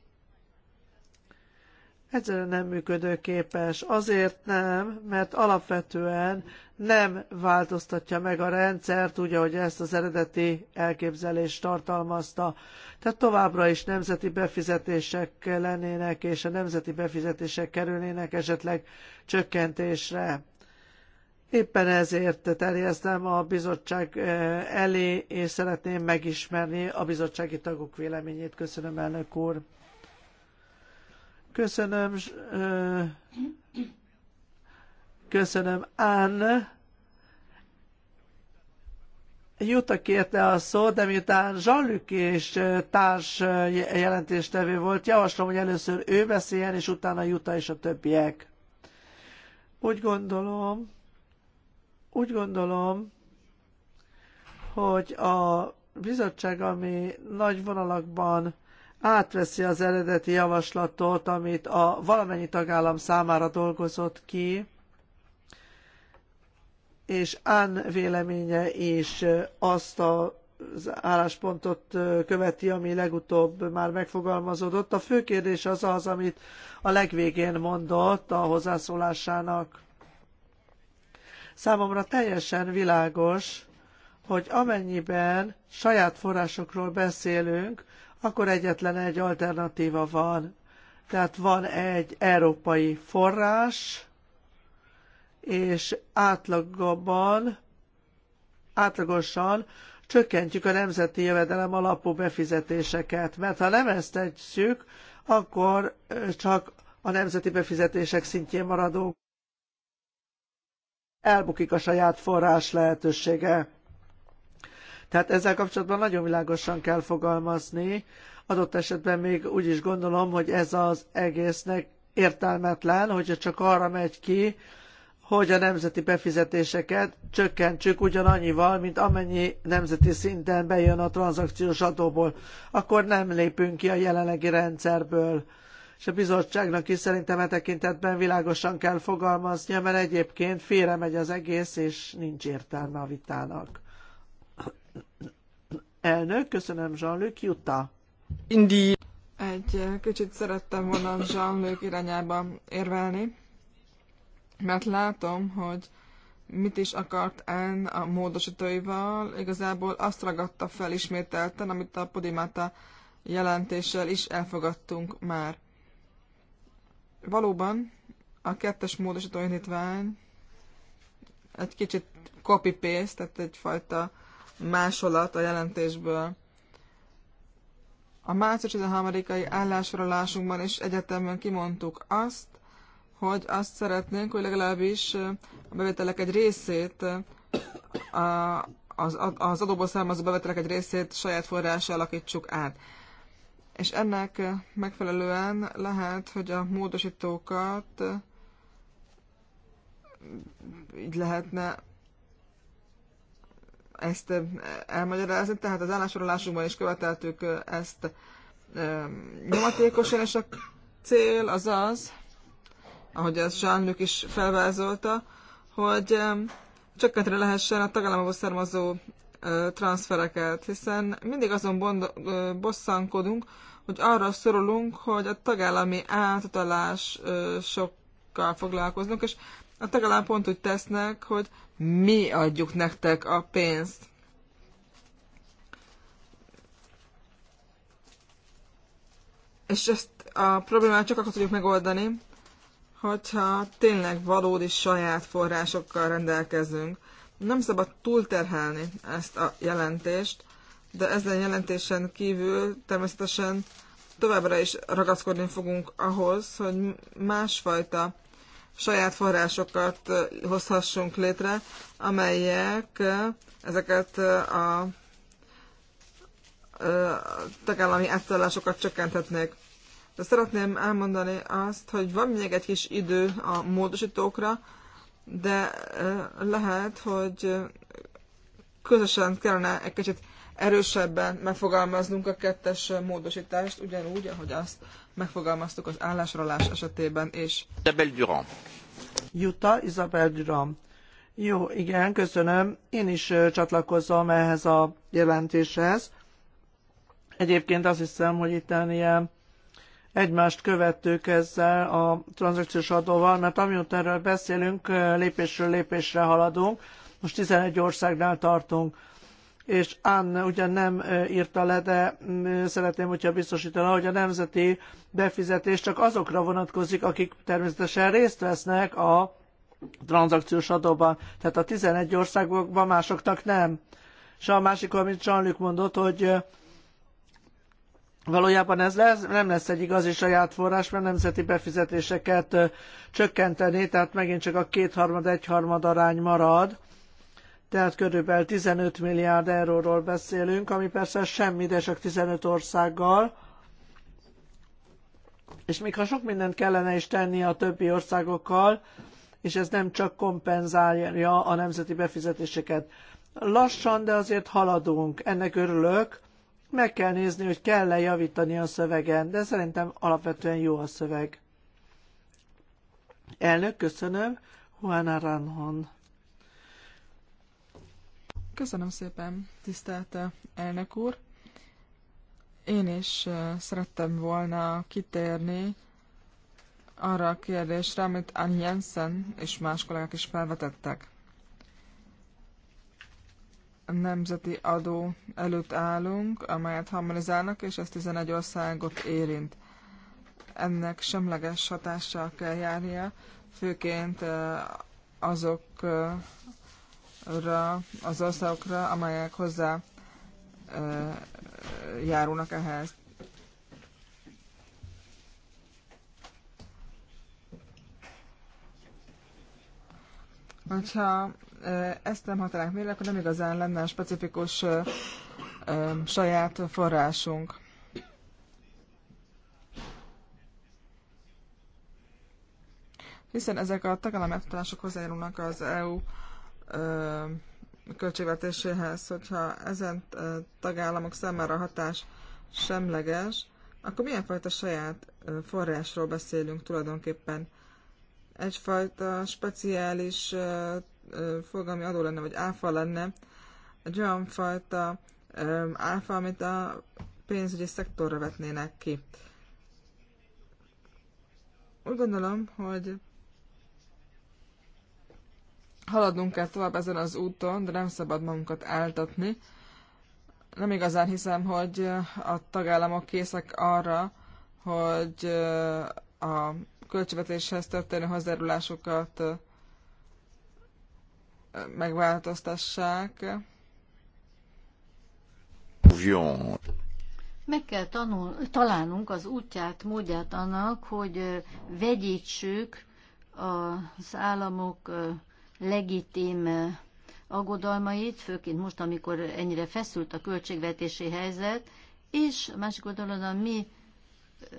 egyszerűen nem működőképes. Azért nem, mert alapvetően nem változtatja meg a rendszert úgy, ahogy ezt az eredeti elképzelést tartalmazta. Tehát továbbra is nemzeti befizetések lennének, és a nemzeti befizetések kerülnének esetleg csökkentésre. Éppen ezért terjesztem a bizottság eh, elé, és szeretném megismerni a bizottsági tagok véleményét. Köszönöm, elnök úr! Köszönöm, köszönöm, Anne. Jutta kérte a szót, de miután Zsallük és társ jelentéstevő volt, javaslom, hogy először ő beszéljen, és utána Jutta és a többiek. Úgy gondolom, úgy gondolom, hogy a bizottság, ami nagy vonalakban átveszi az eredeti javaslatot, amit a valamennyi tagállam számára dolgozott ki, és Án véleménye is azt a az álláspontot követi, ami legutóbb már megfogalmazódott. A fő kérdés az az, amit a legvégén mondott a hozzászólásának. Számomra teljesen világos, hogy amennyiben saját forrásokról beszélünk, akkor egyetlen egy alternatíva van. Tehát van egy európai forrás, és átlagban, átlagosan csökkentjük a nemzeti jövedelem alapú befizetéseket, mert ha nem ezt tetszük, akkor csak a nemzeti befizetések szintjén maradunk. Elbukik a saját forrás lehetősége. Tehát ezzel kapcsolatban nagyon világosan kell fogalmazni. Adott esetben még úgy is gondolom, hogy ez az egésznek értelmetlen, hogyha csak arra megy ki, hogy a nemzeti befizetéseket csökkentsük ugyanannyival, mint amennyi nemzeti szinten bejön a tranzakciós adóból, akkor nem lépünk ki a jelenlegi rendszerből. És a bizottságnak is szerintem e tekintetben világosan kell fogalmaznia, mert egyébként félremegy az egész, és nincs értelme a vitának. Elnök, köszönöm Jean-Luc Jutta. Indi. Egy kicsit szerettem volna Jean-Luc irányába érvelni, mert látom, hogy mit is akart en a módosítóival, igazából azt ragadta fel ismételten, amit a Podimata jelentéssel is elfogadtunk már. Valóban a kettes módosító egy kicsit copy-paste, tehát egyfajta másolat a jelentésből. A március 13-ai állásfoglalásunkban is egyetemben kimondtuk azt, hogy azt szeretnénk, hogy legalábbis a bevételek egy részét, az, adóból származó bevételek egy részét saját forrása alakítsuk át. És ennek megfelelően lehet, hogy a módosítókat így lehetne ezt elmagyarázni, tehát az állásorolásunkban is követeltük ezt nyomatékosan, és a cél az az, ahogy az jean is felvázolta, hogy csökkentre lehessen a tagállamokból származó transfereket, hiszen mindig azon bond, bosszankodunk, hogy arra szorulunk, hogy a tagállami sokkal foglalkozunk, és a tagállam pont úgy tesznek, hogy mi adjuk nektek a pénzt. És ezt a problémát csak akkor tudjuk megoldani, hogyha tényleg valódi saját forrásokkal rendelkezünk. Nem szabad túlterhelni ezt a jelentést, de ezen jelentésen kívül természetesen továbbra is ragaszkodni fogunk ahhoz, hogy másfajta saját forrásokat hozhassunk létre, amelyek ezeket a tagállami átszállásokat csökkenthetnék. De szeretném elmondani azt, hogy van még egy kis idő a módosítókra, de lehet, hogy közösen kellene egy kicsit erősebben megfogalmaznunk a kettes módosítást, ugyanúgy, ahogy azt megfogalmaztuk az állásrólás esetében és... Isabel Durand. Jutta Isabel Durand. Jó, igen, köszönöm. Én is csatlakozom ehhez a jelentéshez. Egyébként azt hiszem, hogy itt ilyen egymást követtük ezzel a tranzakciós adóval, mert amióta erről beszélünk, lépésről lépésre haladunk. Most 11 országnál tartunk és Anne ugyan nem írta le, de mm, szeretném, hogyha biztosítana, hogy a nemzeti befizetés csak azokra vonatkozik, akik természetesen részt vesznek a tranzakciós adóban. Tehát a 11 országokban másoknak nem. És a másik, amit Jean-Luc mondott, hogy Valójában ez lesz, nem lesz egy igazi saját forrás, mert nemzeti befizetéseket csökkenteni, tehát megint csak a kétharmad-egyharmad arány marad, tehát körülbelül 15 milliárd euróról beszélünk, ami persze semmi, de csak 15 országgal. És még ha sok mindent kellene is tenni a többi országokkal, és ez nem csak kompenzálja a nemzeti befizetéseket. Lassan, de azért haladunk, ennek örülök. Meg kell nézni, hogy kell-e javítani a szövegen, de szerintem alapvetően jó a szöveg. Elnök, köszönöm. Juana Köszönöm szépen, tisztelt eh, elnök úr. Én is eh, szerettem volna kitérni arra a kérdésre, amit Ann Jensen és más kollégák is felvetettek. A nemzeti adó előtt állunk, amelyet harmonizálnak, és ez 11 országot érint. Ennek semleges hatással kell járnia, főként eh, azok azokra az országokra, amelyek hozzá járulnak ehhez. Hogyha ezt nem hatálják mérlek, akkor nem igazán lenne specifikus saját forrásunk. Hiszen ezek a tagállami eltartások hozzájárulnak az EU költségvetéséhez, hogyha ezen tagállamok számára a hatás semleges, akkor milyen fajta saját forrásról beszélünk tulajdonképpen? Egyfajta speciális fogalmi adó lenne, vagy áfa lenne, egy olyan fajta áfa, amit a pénzügyi szektorra vetnének ki. Úgy gondolom, hogy Haladnunk kell tovább ezen az úton, de nem szabad magunkat áltatni. Nem igazán hiszem, hogy a tagállamok készek arra, hogy a költségvetéshez történő hozzárulásokat megváltoztassák. Meg kell tanul, találnunk az útját, módját annak, hogy vegyítsük az államok legitim eh, aggodalmait, főként most, amikor ennyire feszült a költségvetési helyzet, és a másik oldalon a mi eh,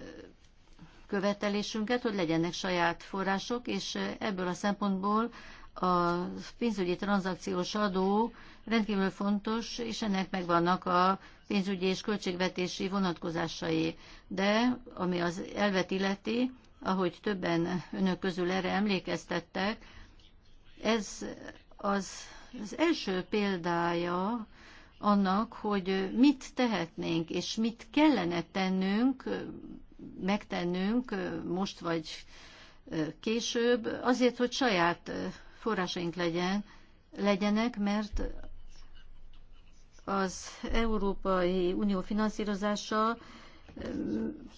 követelésünket, hogy legyenek saját források, és eh, ebből a szempontból a pénzügyi tranzakciós adó rendkívül fontos, és ennek megvannak a pénzügyi és költségvetési vonatkozásai. De ami az elvet illeti, ahogy többen önök közül erre emlékeztettek, ez az, az első példája annak, hogy mit tehetnénk, és mit kellene tennünk, megtennünk most vagy később, azért, hogy saját forrásaink legyen, legyenek, mert az Európai Unió finanszírozása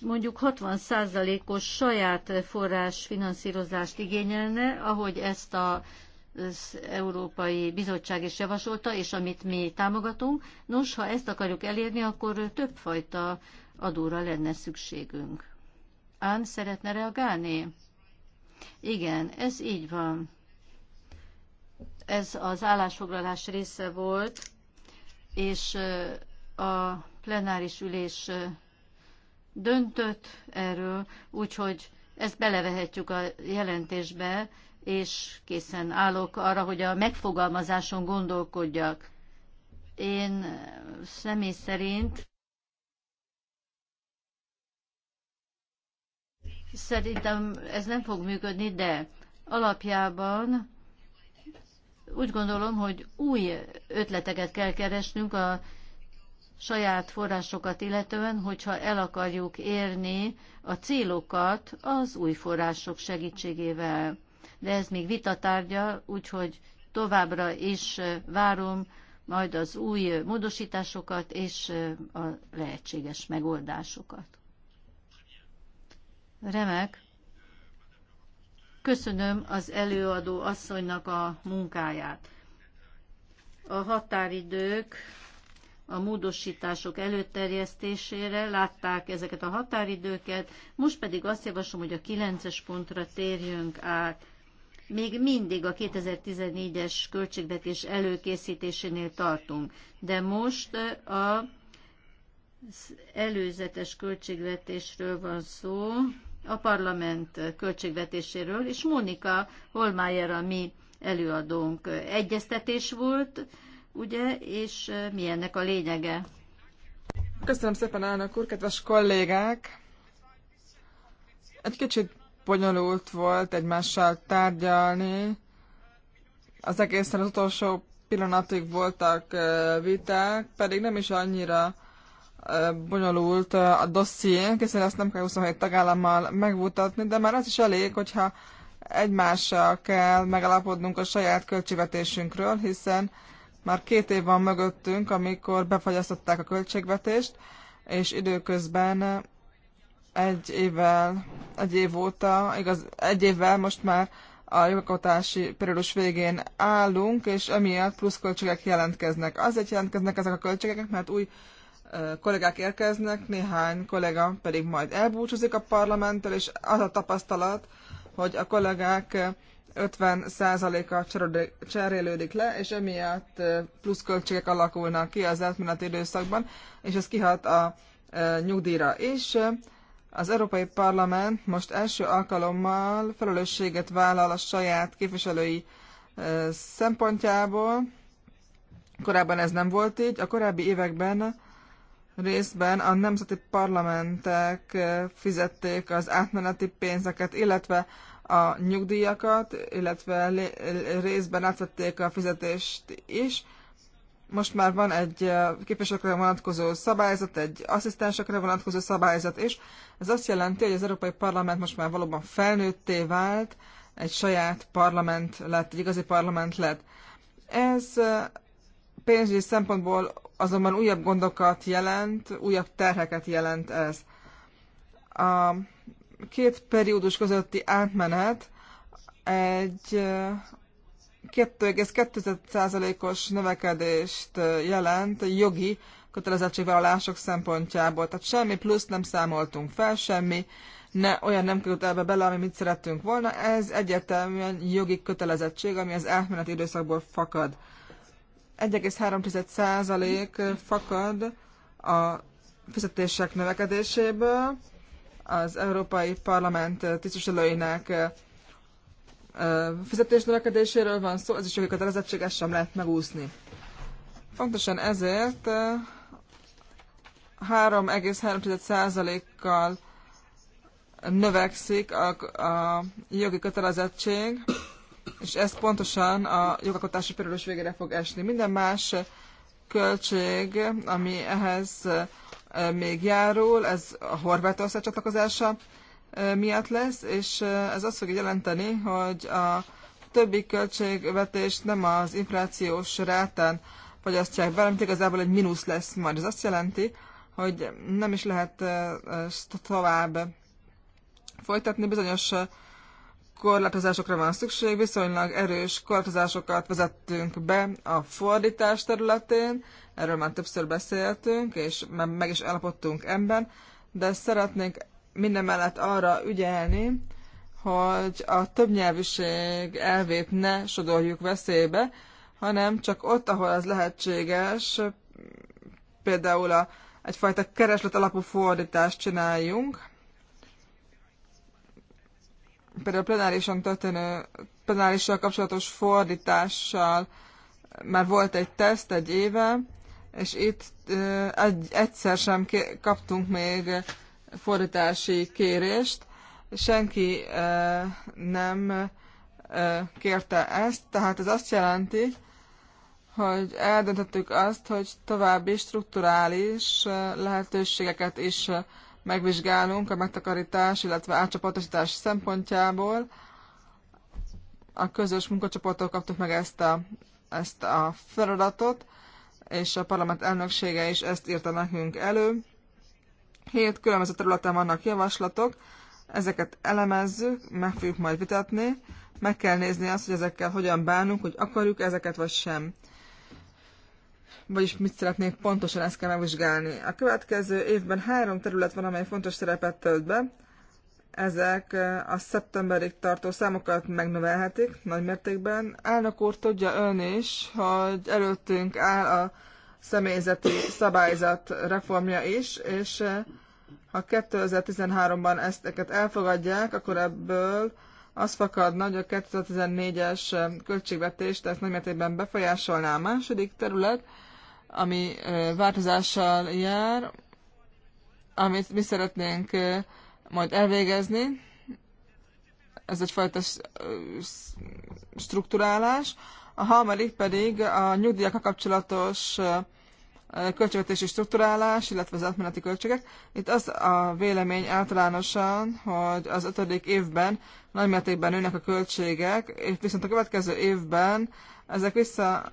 mondjuk 60%-os saját forrás finanszírozást igényelne, ahogy ezt a az Európai Bizottság is javasolta, és amit mi támogatunk. Nos, ha ezt akarjuk elérni, akkor többfajta adóra lenne szükségünk. Án szeretne reagálni? Igen, ez így van. Ez az állásfoglalás része volt, és a plenáris ülés döntött erről, úgyhogy ezt belevehetjük a jelentésbe, és készen állok arra, hogy a megfogalmazáson gondolkodjak. Én személy szerint szerintem ez nem fog működni, de alapjában úgy gondolom, hogy új ötleteket kell keresnünk a saját forrásokat illetően, hogyha el akarjuk érni a célokat az új források segítségével de ez még vitatárgya, úgyhogy továbbra is várom majd az új módosításokat és a lehetséges megoldásokat. Remek. Köszönöm az előadó asszonynak a munkáját. A határidők a módosítások előterjesztésére, látták ezeket a határidőket, most pedig azt javaslom, hogy a 9-es pontra térjünk át. Még mindig a 2014-es költségvetés előkészítésénél tartunk, de most a az előzetes költségvetésről van szó, a parlament költségvetéséről, és Mónika Holmájer a mi előadónk. Egyeztetés volt, ugye, és mi ennek a lényege? Köszönöm szépen, elnök úr, kedves kollégák! Egy kicsit bonyolult volt egymással tárgyalni. Az egészen az utolsó pillanatig voltak viták, pedig nem is annyira bonyolult a dosszié, hiszen ezt nem kell 27 tagállammal megmutatni, de már az is elég, hogyha egymással kell megalapodnunk a saját költségvetésünkről, hiszen már két év van mögöttünk, amikor befagyasztották a költségvetést, és időközben egy évvel, egy év óta, igaz, egy évvel most már a jogalkotási periódus végén állunk, és emiatt pluszköltségek jelentkeznek. Azért jelentkeznek ezek a költségek, mert új kollégák érkeznek, néhány kollega pedig majd elbúcsúzik a parlamenttől, és az a tapasztalat, hogy a kollégák 50%-a cserélődik le, és emiatt pluszköltségek alakulnak ki az átmeneti időszakban, és ez kihat a nyugdíjra is. Az Európai Parlament most első alkalommal felelősséget vállal a saját képviselői szempontjából. Korábban ez nem volt így. A korábbi években részben a nemzeti parlamentek fizették az átmeneti pénzeket, illetve a nyugdíjakat, illetve részben átvették a fizetést is. Most már van egy képviselőkre vonatkozó szabályzat, egy asszisztensekre vonatkozó szabályzat is. Ez azt jelenti, hogy az Európai Parlament most már valóban felnőtté vált, egy saját parlament lett, egy igazi parlament lett. Ez pénzügyi szempontból azonban újabb gondokat jelent, újabb terheket jelent ez. A két periódus közötti átmenet egy 2,2%-os növekedést jelent jogi kötelezettségvállalások szempontjából. Tehát semmi plusz nem számoltunk fel, semmi ne, olyan nem került ebbe bele, ami mit szerettünk volna. Ez egyértelműen jogi kötelezettség, ami az átmeneti időszakból fakad. 1,3% fakad a fizetések növekedéséből, az Európai Parlament tisztviselőinek fizetés növekedéséről van szó, ez is jogi kötelezettség, ezt sem lehet megúszni. Pontosan ezért 3,3%-kal növekszik a, a jogi kötelezettség, és ez pontosan a jogalkotási periódus végére fog esni. Minden más költség, ami ehhez még járul, ez a Horvátország csatlakozása miatt lesz, és ez azt fogja jelenteni, hogy a többi költségvetés nem az inflációs rátán fogyasztják be, hanem igazából egy mínusz lesz majd. Ez azt jelenti, hogy nem is lehet tovább folytatni, bizonyos korlátozásokra van szükség, viszonylag erős korlátozásokat vezettünk be a fordítás területén, erről már többször beszéltünk, és meg is állapodtunk ebben, de szeretnénk mindemellett arra ügyelni, hogy a többnyelvűség elvét ne sodorjuk veszélybe, hanem csak ott, ahol az lehetséges, például a, egyfajta kereslet alapú fordítást csináljunk, például plenárison történő, plenárissal kapcsolatos fordítással már volt egy teszt egy éve, és itt egy, egyszer sem kaptunk még fordítási kérést. Senki nem kérte ezt, tehát ez azt jelenti, hogy eldöntöttük azt, hogy további strukturális lehetőségeket is megvizsgálunk a megtakarítás, illetve átcsoportosítás szempontjából. A közös munkacsoporttól kaptuk meg ezt a, ezt a feladatot, és a parlament elnöksége is ezt írta nekünk elő. Hét különböző területen vannak javaslatok, ezeket elemezzük, meg fogjuk majd vitatni, meg kell nézni azt, hogy ezekkel hogyan bánunk, hogy akarjuk ezeket vagy sem. Vagyis mit szeretnénk pontosan, ezt kell megvizsgálni. A következő évben három terület van, amely fontos szerepet tölt be. Ezek eh, a szeptemberig tartó számokat megnövelhetik nagy mértékben. Elnök úr, tudja ön is, hogy előttünk áll a személyzeti szabályzat reformja is, és eh, ha 2013-ban ezteket elfogadják, akkor ebből az fakad hogy a 2014-es eh, költségvetést ezt nagymértékben befolyásolná. A második terület, ami eh, változással jár, amit mi szeretnénk majd elvégezni, ez egyfajta strukturálás, a harmadik pedig a nyugdíjakkal kapcsolatos költségvetési struktúrálás, illetve az átmeneti költségek. Itt az a vélemény általánosan, hogy az ötödik évben nagymértékben nőnek a költségek, és viszont a következő évben ezek vissza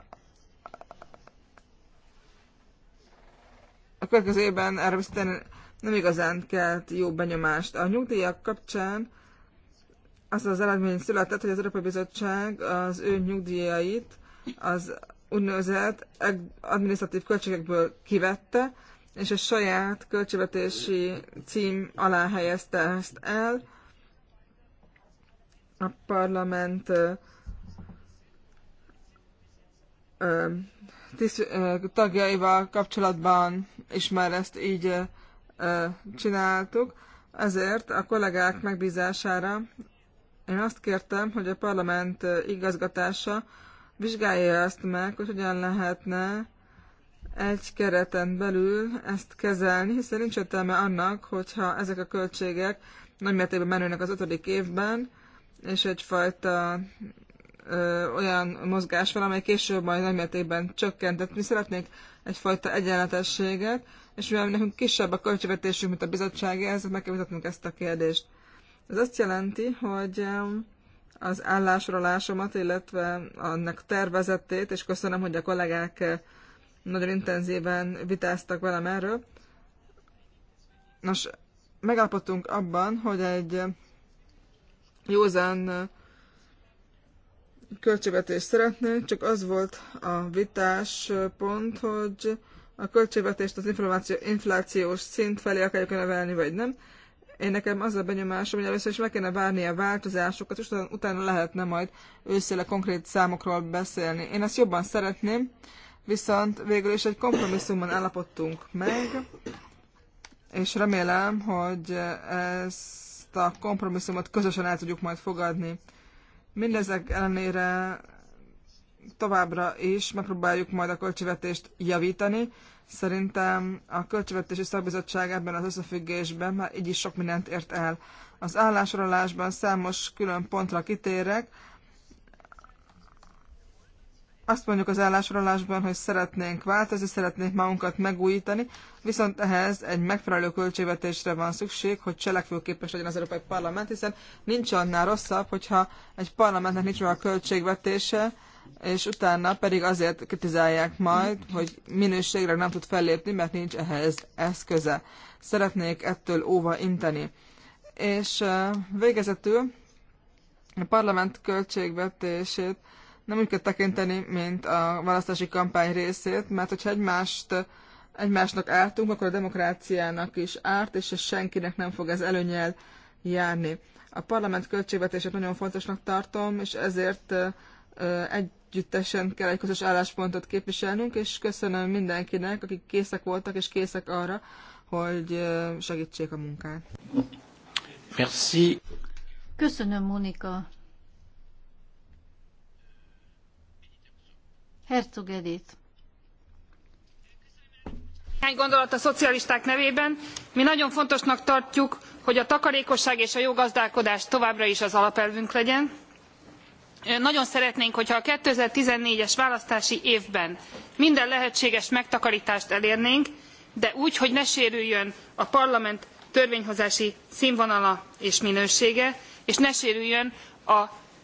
a következő évben erre nem igazán kelt jó benyomást. A nyugdíjak kapcsán az az eredmény született, hogy az Európai Bizottság az ő nyugdíjait az úgynevezett adminisztratív költségekből kivette, és a saját költségvetési cím alá helyezte ezt el. A parlament tiszt, tagjaival kapcsolatban is már ezt így csináltuk. Ezért a kollégák megbízására én azt kértem, hogy a parlament igazgatása vizsgálja azt meg, hogy hogyan lehetne egy kereten belül ezt kezelni, hiszen nincs értelme annak, hogyha ezek a költségek mértékben menőnek az ötödik évben, és egyfajta ö, olyan mozgás van, amely később majd nagymértékben csökkent. Tehát mi szeretnénk egyfajta egyenletességet, és mivel nekünk kisebb a költségvetésünk, mint a bizottsági, ezért meg kell ezt a kérdést. Ez azt jelenti, hogy az állásrólásomat, illetve annak tervezettét és köszönöm, hogy a kollégák eh, nagyon intenzíven vitáztak velem erről. Nos, megállapodtunk abban, hogy egy józan eh, költségvetést szeretnénk, csak az volt a vitás eh, pont, hogy a költségvetést az információ, inflációs szint felé akarjuk növelni, vagy nem. Én nekem az a benyomásom, hogy először is meg kéne várni a változásokat, és utána lehetne majd őszéle konkrét számokról beszélni. Én ezt jobban szeretném, viszont végül is egy kompromisszumban állapodtunk meg, és remélem, hogy ezt a kompromisszumot közösen el tudjuk majd fogadni. Mindezek ellenére továbbra is megpróbáljuk majd a költségvetést javítani. Szerintem a Költségvetési Szakbizottság ebben az összefüggésben már így is sok mindent ért el. Az állásorolásban számos külön pontra kitérek. Azt mondjuk az állásorolásban, hogy szeretnénk változni, szeretnénk magunkat megújítani, viszont ehhez egy megfelelő költségvetésre van szükség, hogy cselekvőképes legyen az Európai Parlament, hiszen nincs annál rosszabb, hogyha egy parlamentnek nincs olyan költségvetése, és utána pedig azért kritizálják majd, hogy minőségre nem tud fellépni, mert nincs ehhez eszköze. Szeretnék ettől óva inteni. És végezetül a parlament költségvetését nem úgy kell tekinteni, mint a választási kampány részét, mert hogyha egymást, egymásnak ártunk, akkor a demokráciának is árt, és senkinek nem fog ez előnyel járni. A parlament költségvetését nagyon fontosnak tartom, és ezért együttesen kell egy közös álláspontot képviselnünk, és köszönöm mindenkinek, akik készek voltak, és készek arra, hogy segítsék a munkát. Merci. Köszönöm, Monika. Herzog Edith. Néhány gondolat a szocialisták nevében. Mi nagyon fontosnak tartjuk, hogy a takarékosság és a jó gazdálkodás továbbra is az alapelvünk legyen nagyon szeretnénk hogyha a two thousand and fourteen es választási évben minden lehetséges megtakartást elérnénk de úgy hogy ne sérüljön a parlament törvényhozási sznvonala és minősége és ne sérüljön a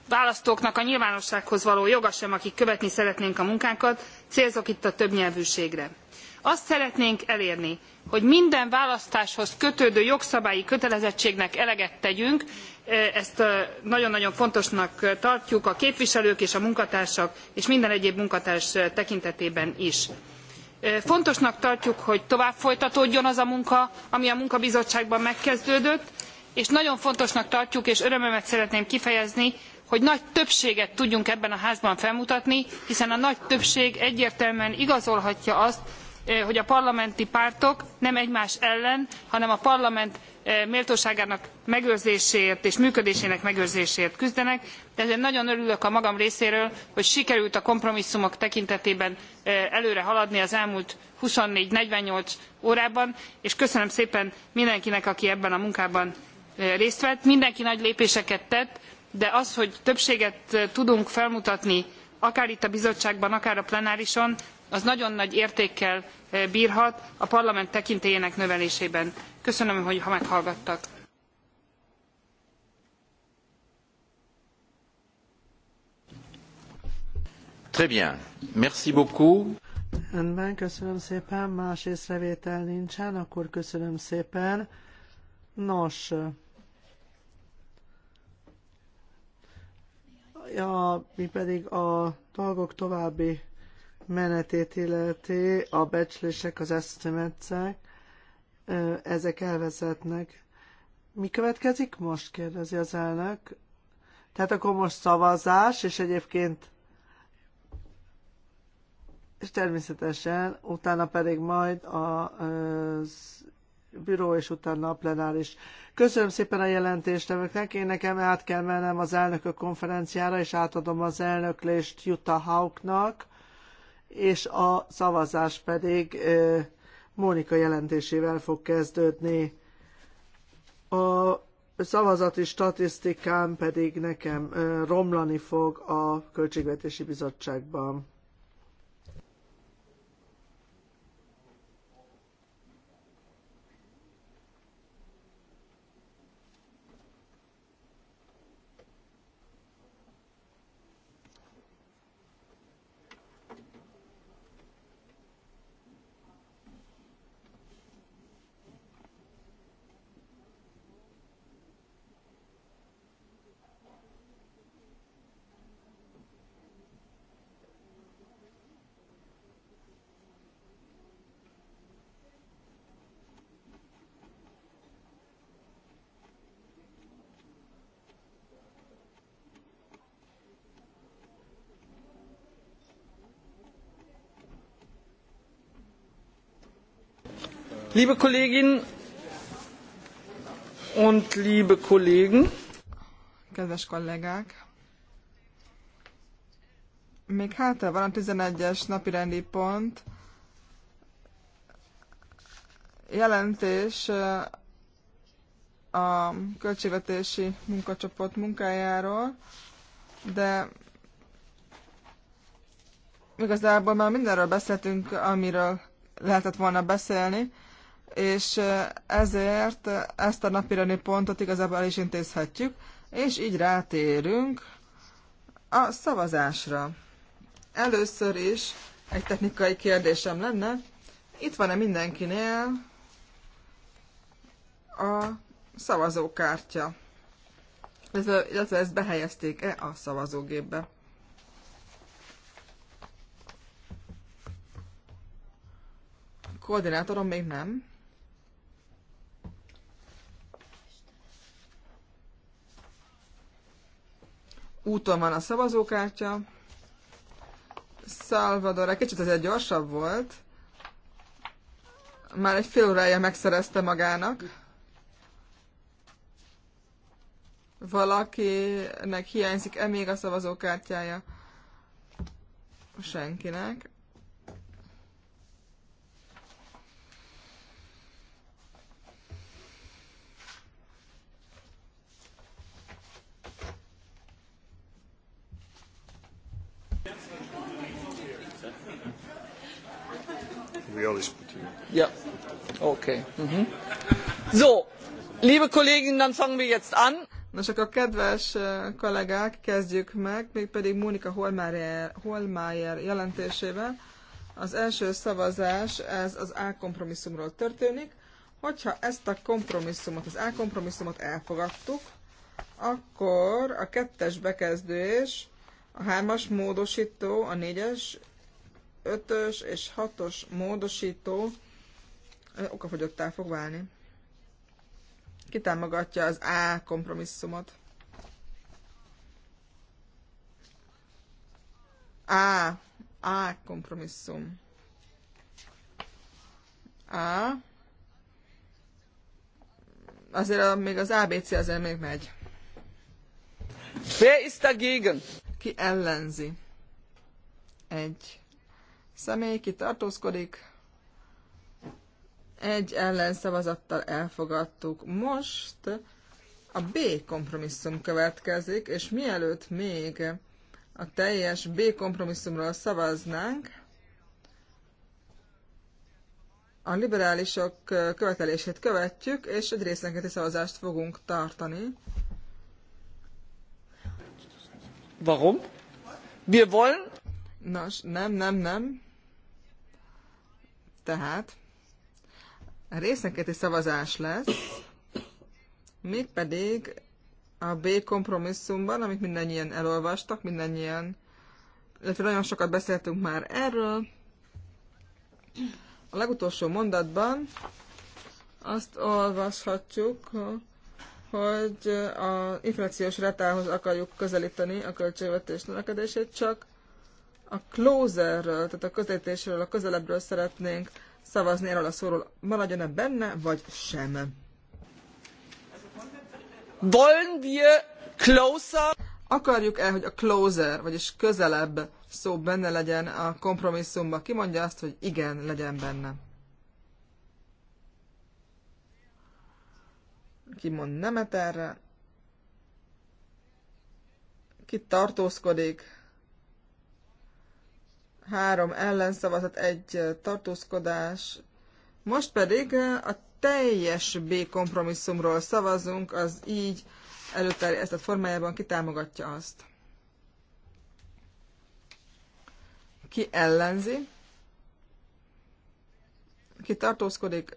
választóknak a nyilvánossághoz való joga sem akik követni szeretnénk a munkánkat célzok itt a többnyelvűségre azt szeretnénk elérni hogy minden választáshoz kötődő jogszabályi kötelezettségnek eleget tegyünk e, ezt e, nagyon nagyon fontosnak tartjuk a képviselők és a munkatársak és minden egyéb munkatárs tekintetében is. E, fontosnak tartjuk hogy tovább folytatódjon az a munka ami a munkabizottságban megkezdődött és nagyon fontosnak tartjuk és örömömet szeretném kifejezni hogy nagy többséget tudjunk ebben a házban felmutatni hiszen a nagy többség egyértelműen igazolhatja azt hogy a parlamenti pártok nem egymás ellen, hanem a parlament méltóságának megőrzéséért és működésének megőrzéséért küzdenek de ezért nagyon örülök a magam részéről hogy sikerült a kompromisszumok tekintetében előre haladni az elmúlt twenty four forty eight órában és köszönöm szépen mindenkinek aki ebben a munkában részt vett. mindenki nagy lépéseket tett de az hogy többséget tudunk felmutatni akár itt a bizottságban akár a plenárison az nagyon nagy értékkel eh, bírhat a parlament tekintélyének növelésében. Köszönöm, hogy ha meghallgattak. Très bien. Merci beaucoup. Rendben, köszönöm szépen. Más észrevétel nincsen, akkor köszönöm szépen. Nos, ja, mi pedig a dolgok további menetét illeti, a becslések, az estimates ezek elvezetnek. Mi következik most, kérdezi az elnök. Tehát akkor most szavazás, és egyébként és természetesen utána pedig majd a büró, és utána a plenáris. Köszönöm szépen a jelentéstevőknek, én nekem át kell mennem az elnökök konferenciára, és átadom az elnöklést Jutta Hauknak és a szavazás pedig Mónika jelentésével fog kezdődni. A szavazati statisztikám pedig nekem romlani fog a Költségvetési Bizottságban. Liebe Kolleginnen und liebe Kollegen, kedves kollégák, még hátra van a 11-es napirendi pont, jelentés a költségvetési munkacsoport munkájáról, de igazából már mindenről beszéltünk, amiről lehetett volna beszélni és ezért ezt a napirani pontot igazából is intézhetjük, és így rátérünk a szavazásra. Először is egy technikai kérdésem lenne. Itt van-e mindenkinél a szavazókártya? ez illetve ezt behelyezték-e a szavazógépbe? Koordinátorom még nem. úton van a szavazókártya. Salvador, egy kicsit azért gyorsabb volt. Már egy fél órája megszerezte magának. Valakinek hiányzik-e még a szavazókártyája? Senkinek. we always put you. Yeah. Okay. Mm-hmm. So, liebe Kolleginnen, dann fangen wir jetzt an. Nos, akkor kedves kollégák, kezdjük meg, mégpedig Mónika Holmeier, Holmeier jelentésével. Az első szavazás, ez az A kompromisszumról történik. Hogyha ezt a kompromisszumot, az A kompromisszumot elfogadtuk, akkor a kettes bekezdés, a hármas módosító, a négyes 5-ös és 6-os módosító okafogyottá fog válni. Kitámogatja az A kompromisszumot. A. A kompromisszum. A. Azért a, még az ABC azért még megy. Wer ist dagegen? Ki ellenzi? Egy személy, kitartózkodik. Egy ellenszavazattal elfogadtuk. Most a B kompromisszum következik, és mielőtt még a teljes B kompromisszumról szavaznánk, a liberálisok követelését követjük, és egy részenkéti szavazást fogunk tartani. Warum? Wir wollen... Nos, nem, nem, nem. Tehát részenkéti szavazás lesz, mégpedig a B kompromisszumban, amit mindannyian elolvastak, mindannyian, illetve nagyon sokat beszéltünk már erről. A legutolsó mondatban azt olvashatjuk, hogy a inflációs retához akarjuk közelíteni a költségvetés növekedését, csak a closerről, tehát a közvetítésről, a közelebbről szeretnénk szavazni erről a szóról. Maradjon-e benne, vagy sem? Wollen wir closer? Akarjuk-e, hogy a closer, vagyis közelebb szó benne legyen a kompromisszumba? Ki mondja azt, hogy igen, legyen benne? Ki mond nemet erre? Ki tartózkodik? három ellenszavazat, egy tartózkodás. Most pedig a teljes B kompromisszumról szavazunk, az így előterjesztett formájában kitámogatja azt. Ki ellenzi? Ki tartózkodik?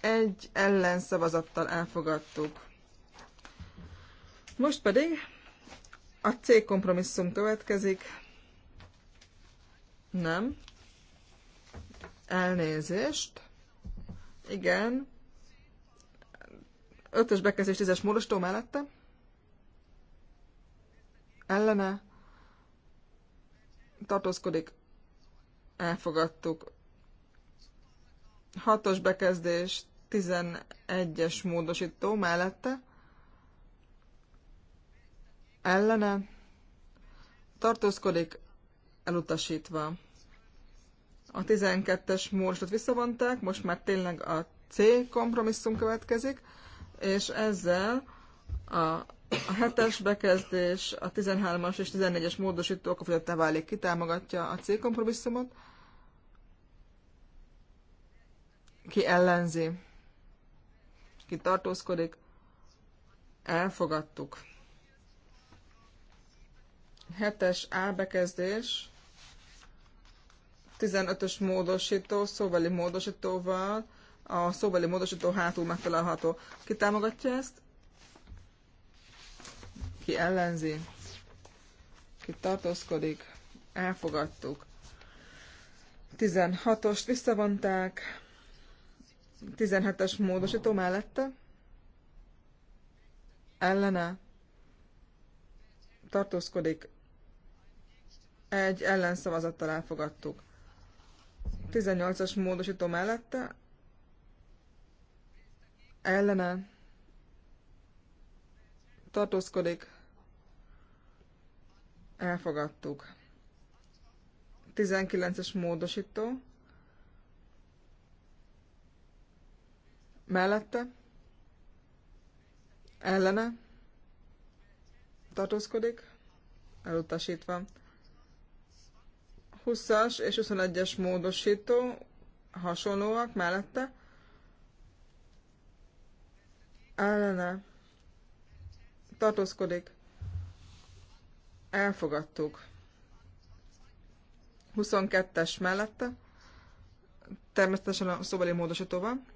Egy ellenszavazattal elfogadtuk. Most pedig a C kompromisszum következik. Nem. Elnézést. Igen. Ötös bekezdés, tízes módosító mellette. Ellene. Tartózkodik. Elfogadtuk. Hatos bekezdés, tizenegyes módosító mellette. Ellene. Tartózkodik elutasítva. A 12-es módosítót visszavonták, most már tényleg a C kompromisszum következik, és ezzel a, a 7-es bekezdés, a 13-as és 14-es módosító okafogyottá válik, kitámogatja a C kompromisszumot. Ki ellenzi? Ki tartózkodik? Elfogadtuk. 7-es A bekezdés, 15-ös módosító, szóbeli módosítóval, a szóbeli módosító hátul megtalálható. Ki támogatja ezt? Ki ellenzi? Ki tartózkodik? Elfogadtuk. 16-ost visszavonták. 17-es módosító mellette? Ellene? Tartózkodik? Egy ellenszavazattal elfogadtuk. 18-as módosító mellette ellene tartózkodik. Elfogadtuk. 19-es módosító mellette ellene tartózkodik, elutasítva. 20-as és 21-es módosító hasonlóak mellette. Ellene. Tartózkodik. Elfogadtuk. 22-es mellette. Természetesen a módosító van.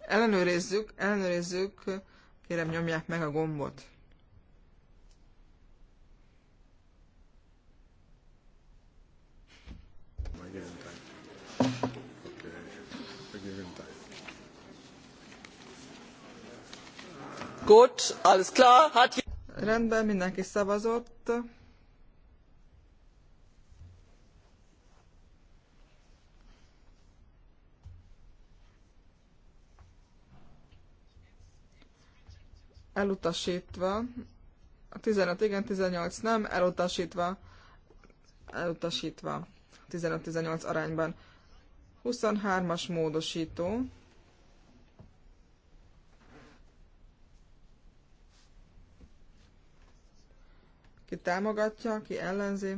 Ellenőrizzük, ellenőrizzük, kérem nyomják meg a gombot. Gut, alles klar. Hat... Rendben, mindenki szavazott. Elutasítva. A 15 igen, 18 nem, elutasítva. Elutasítva. 15-18 arányban. 23-as módosító. ki támogatja, ki ellenzi,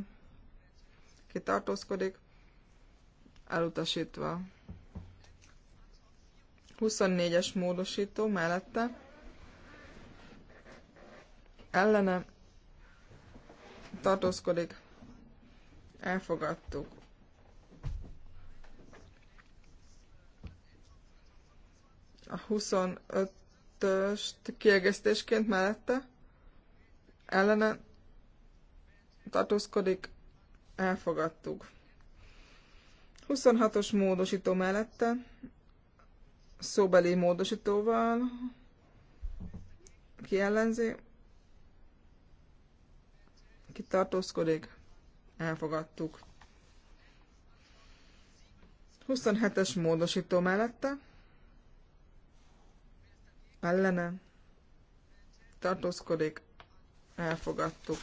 ki tartózkodik, elutasítva. 24-es módosító mellette ellene tartózkodik, elfogadtuk. A 25-öst kiegészítésként mellette ellene tartózkodik, elfogadtuk. 26-os módosító mellette, szóbeli módosítóval, ki ellenzi, ki tartózkodik, elfogadtuk. 27-es módosító mellette, ellene, tartózkodik, elfogadtuk.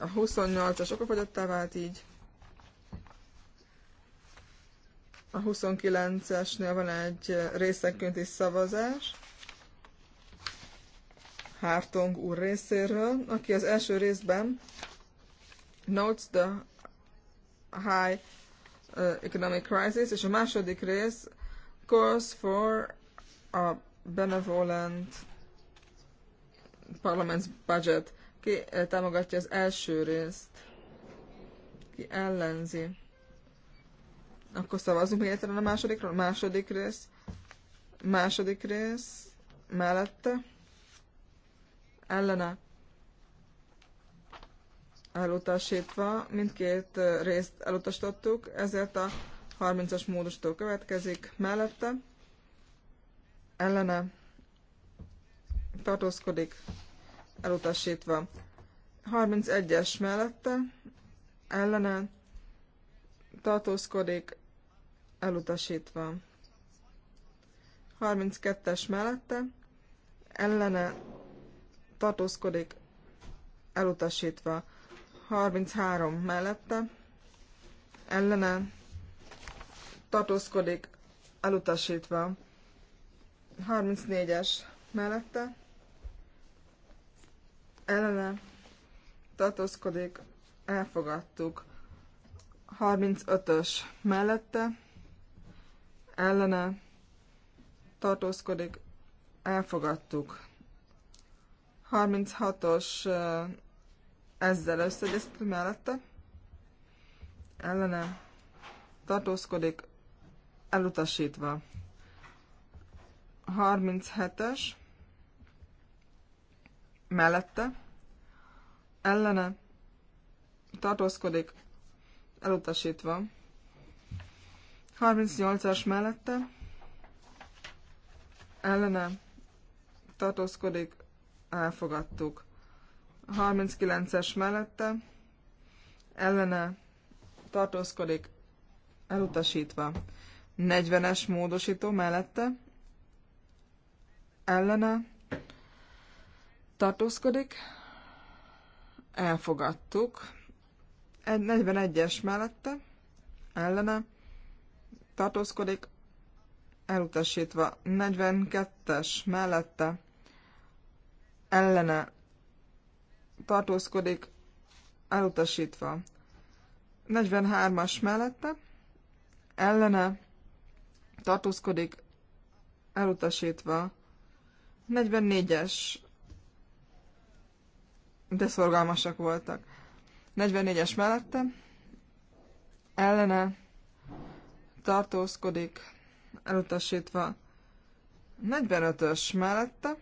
A 28-as okafogyottá vált így. A 29-esnél van egy részenkénti szavazás. Hártong úr részéről, aki az első részben Notes the High uh, Economic Crisis, és a második rész Calls for a Benevolent Parliament's Budget. Ki eh, támogatja az első részt? Ki ellenzi? Akkor szavazunk még egyszerűen a másodikról. Második rész. Második rész. Mellette. Ellene. Elutasítva. Mindkét eh, részt elutasítottuk, ezért a 30-as módustól következik. Mellette. Ellene. Tartózkodik elutasítva. 31-es mellette ellene tartózkodik, elutasítva. 32-es mellette ellene tartózkodik, elutasítva. 33 mellette ellene tartózkodik, elutasítva. 34-es mellette ellene tartózkodik, elfogadtuk. 35-ös mellette, ellene tartózkodik, elfogadtuk. 36-os ezzel összegyeztető mellette, ellene tartózkodik, elutasítva. 37-es mellette, ellene tartózkodik, elutasítva. 38-as mellette, ellene tartózkodik, elfogadtuk. 39-es mellette, ellene tartózkodik, elutasítva. 40-es módosító mellette, ellene tartózkodik, elfogadtuk. 41-es mellette, ellene, tartózkodik, elutasítva. 42-es mellette, ellene, tartózkodik, elutasítva. 43-as mellette, ellene, tartózkodik, elutasítva. 44-es de szorgalmasak voltak. 44-es mellette ellene tartózkodik, elutasítva. 45-ös mellette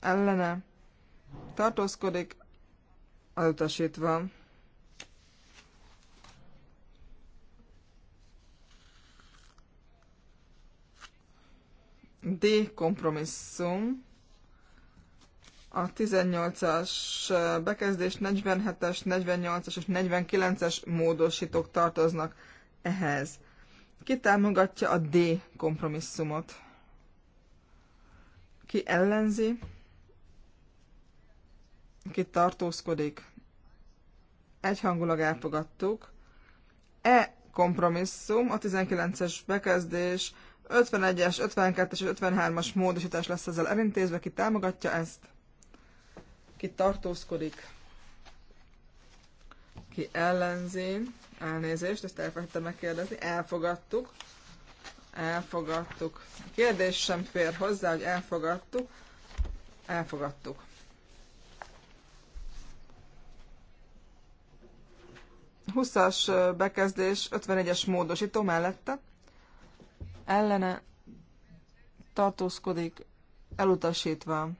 ellene tartózkodik, elutasítva. D kompromisszum a 18-as bekezdés 47-es, 48-as és 49-es módosítók tartoznak ehhez. Ki támogatja a D kompromisszumot? Ki ellenzi? Ki tartózkodik? Egyhangulag elfogadtuk. E kompromisszum, a 19-es bekezdés, 51-es, 52-es és 53-as módosítás lesz ezzel elintézve, ki támogatja ezt? ki tartózkodik, ki ellenzi, elnézést, ezt elfelejtettem megkérdezni, elfogadtuk, elfogadtuk. Kérdés sem fér hozzá, hogy elfogadtuk, elfogadtuk. Huszas bekezdés, 51-es módosító mellette, ellene tartózkodik, elutasítva.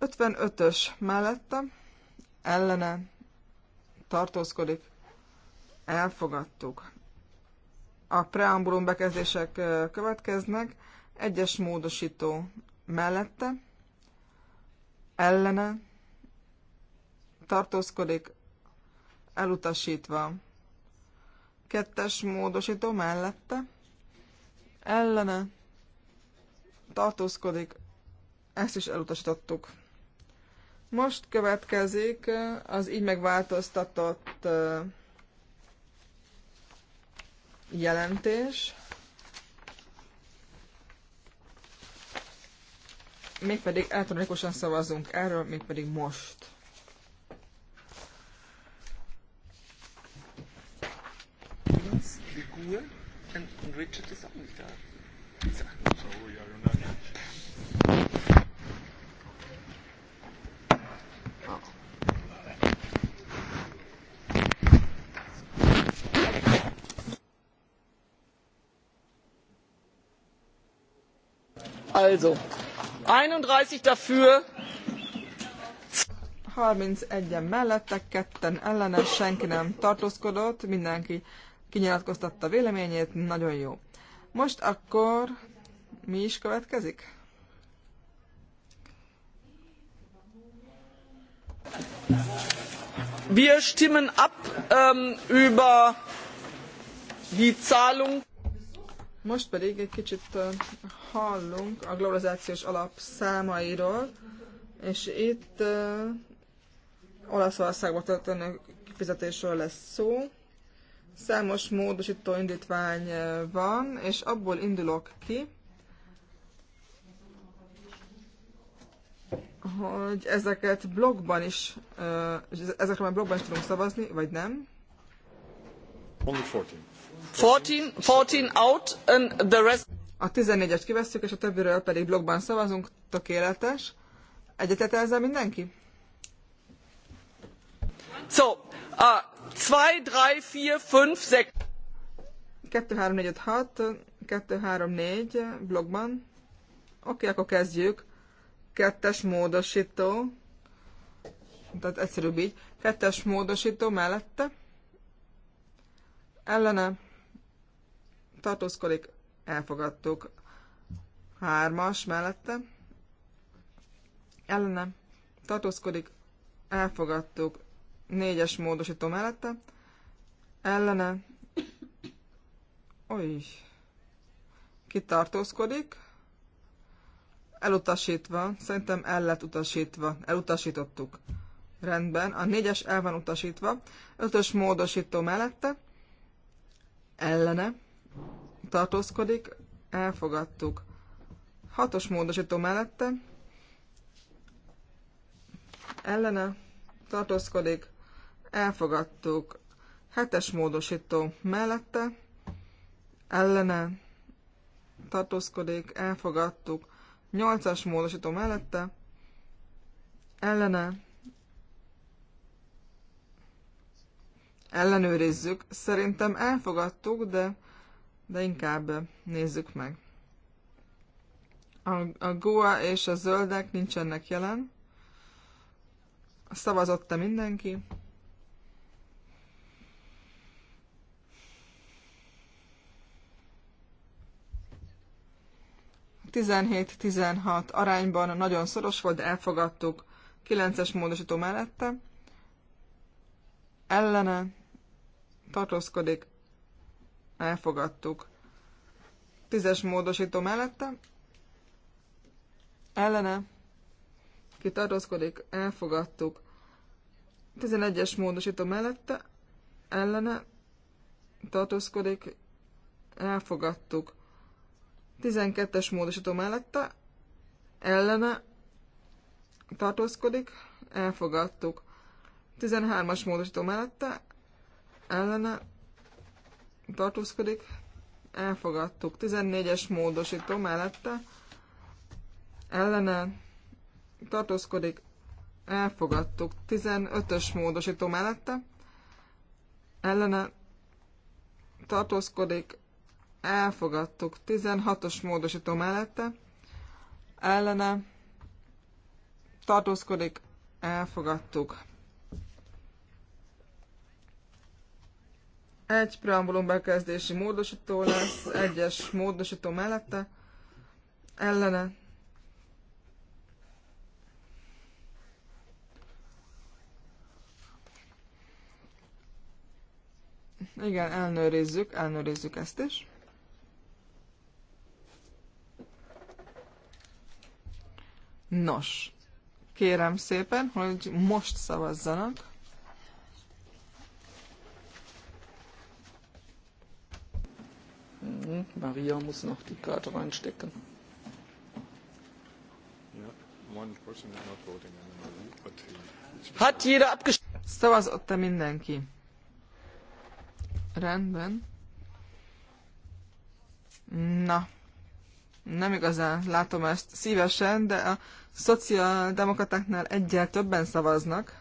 55-ös mellette ellene tartózkodik, elfogadtuk. A preambulum bekezdések következnek, egyes módosító mellette ellene tartózkodik, elutasítva. Kettes módosító mellette ellene tartózkodik, ezt is elutasítottuk. Most következik az így megváltoztatott jelentés. Mégpedig elektronikusan szavazunk erről, mégpedig most. Figur and Richard is on Also, 31 dafür. 31-en mellette, ketten ellene, senki nem tartózkodott, mindenki kinyilatkoztatta véleményét, nagyon jó. Most akkor mi is következik? Wir stimmen ab ähm, über die Zahlung. Most pedig egy kicsit äh, hallunk a globalizációs alap számairól, és itt uh, Olaszországban történő kifizetésről lesz szó. Számos módosító indítvány van, és abból indulok ki, hogy ezeket blogban is, uh, ezekre már blogban is tudunk szavazni, vagy nem? Only 14. 14, 14 out and the rest... A 14-est kivesszük, és a többiről pedig blogban szavazunk. Tökéletes. Egyetet ezzel mindenki? So, 2, 3, 4, 5, 6. 2, 3, 4, 5, 6, 2, 3, 4 blogban. Oké, okay, akkor kezdjük. Kettes módosító. Tehát egyszerűbb így. Kettes módosító mellette. Ellene tartózkodik elfogadtuk. Hármas mellette, ellene, tartózkodik, elfogadtuk. Négyes módosító mellette, ellene, oly, kitartózkodik, elutasítva, szerintem el lett utasítva, elutasítottuk. Rendben, a négyes el van utasítva, ötös módosító mellette, ellene, tartózkodik, elfogadtuk. Hatos módosító mellette, ellene, tartózkodik, elfogadtuk. Hetes módosító mellette, ellene, tartózkodik, elfogadtuk. Nyolcas módosító mellette, ellene, ellenőrizzük. Szerintem elfogadtuk, de de inkább nézzük meg. A, a Goa és a zöldek nincsenek jelen. Szavazott-e mindenki? Tizenhét 16 arányban nagyon szoros volt, de elfogadtuk. 9-es módosító mellette. Ellene tartózkodik, elfogadtuk. Tízes módosító mellette, ellene, ki tartózkodik, elfogadtuk. Tizenegyes módosító mellette, ellene, tartózkodik, elfogadtuk. Tizenkettes módosító mellette, ellene, tartózkodik, elfogadtuk. 13-as módosító mellette, ellene, tartózkodik, elfogadtuk. 14-es módosító mellette ellene tartózkodik, elfogadtuk. 15-ös módosító mellette ellene tartózkodik, elfogadtuk. 16-os módosító mellette ellene tartózkodik, elfogadtuk. Egy preambulum bekezdési módosító lesz, egyes módosító mellette, ellene. Igen, elnőrizzük, elnőrizzük ezt is. Nos, kérem szépen, hogy most szavazzanak. Hm, Maria muss noch die Karte reinstecken. Hat jeder abgestimmt? Szavazott-e mindenki? Rendben. Na, nem igazán látom ezt szívesen, de a szociáldemokratáknál egyel többen szavaznak.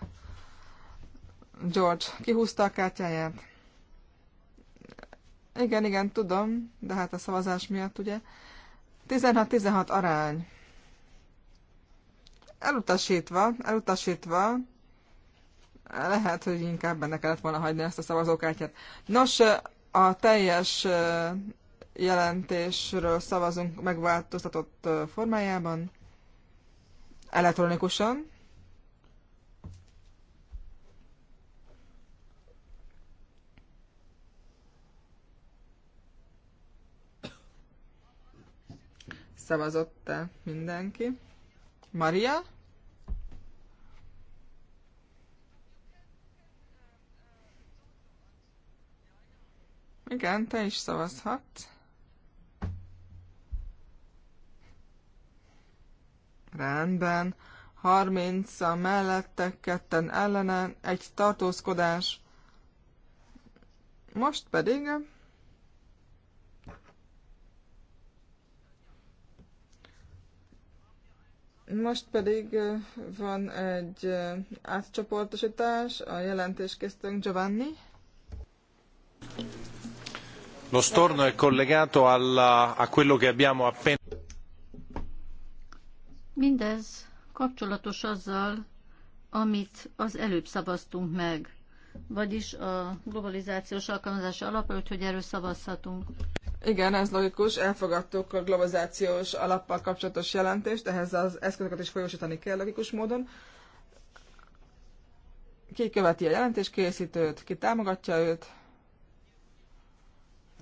George, kihúzta a kártyáját? Igen, igen, tudom, de hát a szavazás miatt ugye. 16-16 arány. Elutasítva, elutasítva, lehet, hogy inkább benne kellett volna hagyni ezt a szavazókártyát. Nos, a teljes jelentésről szavazunk megváltoztatott formájában, elektronikusan. Szavazott-e mindenki? Maria? Igen, te is szavazhat. Rendben. 30 a mellette, ketten ellenen, egy tartózkodás. Most pedig Most pedig van egy átcsoportosítás, a jelentéskészítőnk Giovanni. Lo storno è collegato alla, a quello che abbiamo appena... Mindez kapcsolatos azzal, amit az előbb szavaztunk meg vagyis a globalizációs alkalmazás alapja, úgyhogy erről szavazhatunk. Igen, ez logikus. Elfogadtuk a globalizációs alappal kapcsolatos jelentést, ehhez az eszközöket is folyósítani kell logikus módon. Ki követi a jelentéskészítőt, ki támogatja őt?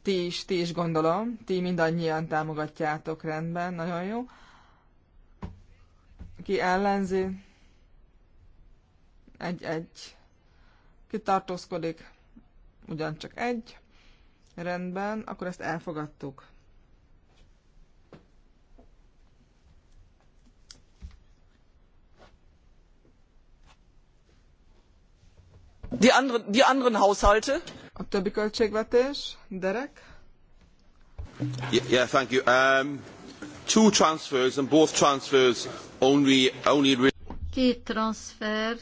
Ti is, ti is gondolom, ti mindannyian támogatjátok, rendben, nagyon jó. Ki ellenzi? Egy-egy kitartózkodik, ugyancsak egy, rendben, akkor ezt elfogadtuk. Die anderen, die anderen Haushalte? A többi költségvetés, Derek? Yeah, yeah thank you. Um, two transfers and both transfers only, only... Két transfer,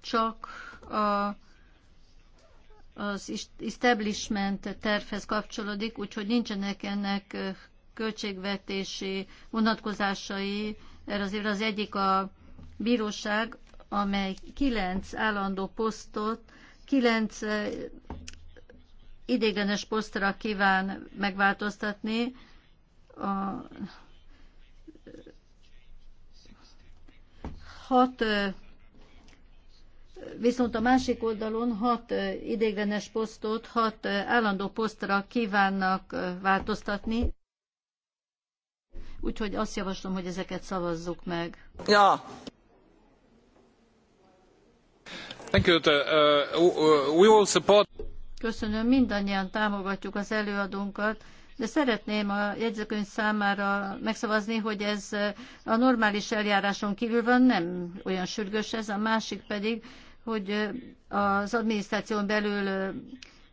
csak a az establishment tervhez kapcsolódik, úgyhogy nincsenek ennek költségvetési vonatkozásai. Erre azért az egyik a bíróság, amely kilenc állandó posztot, kilenc idéglenes posztra kíván megváltoztatni. A hat Viszont a másik oldalon hat idéglenes posztot, hat állandó posztra kívánnak változtatni. Úgyhogy azt javaslom, hogy ezeket szavazzuk meg. Ja. Thank you. we all support... Köszönöm, mindannyian támogatjuk az előadónkat, de szeretném a jegyzőkönyv számára megszavazni, hogy ez a normális eljáráson kívül van, nem olyan sürgős ez, a másik pedig, hogy az adminisztráción belül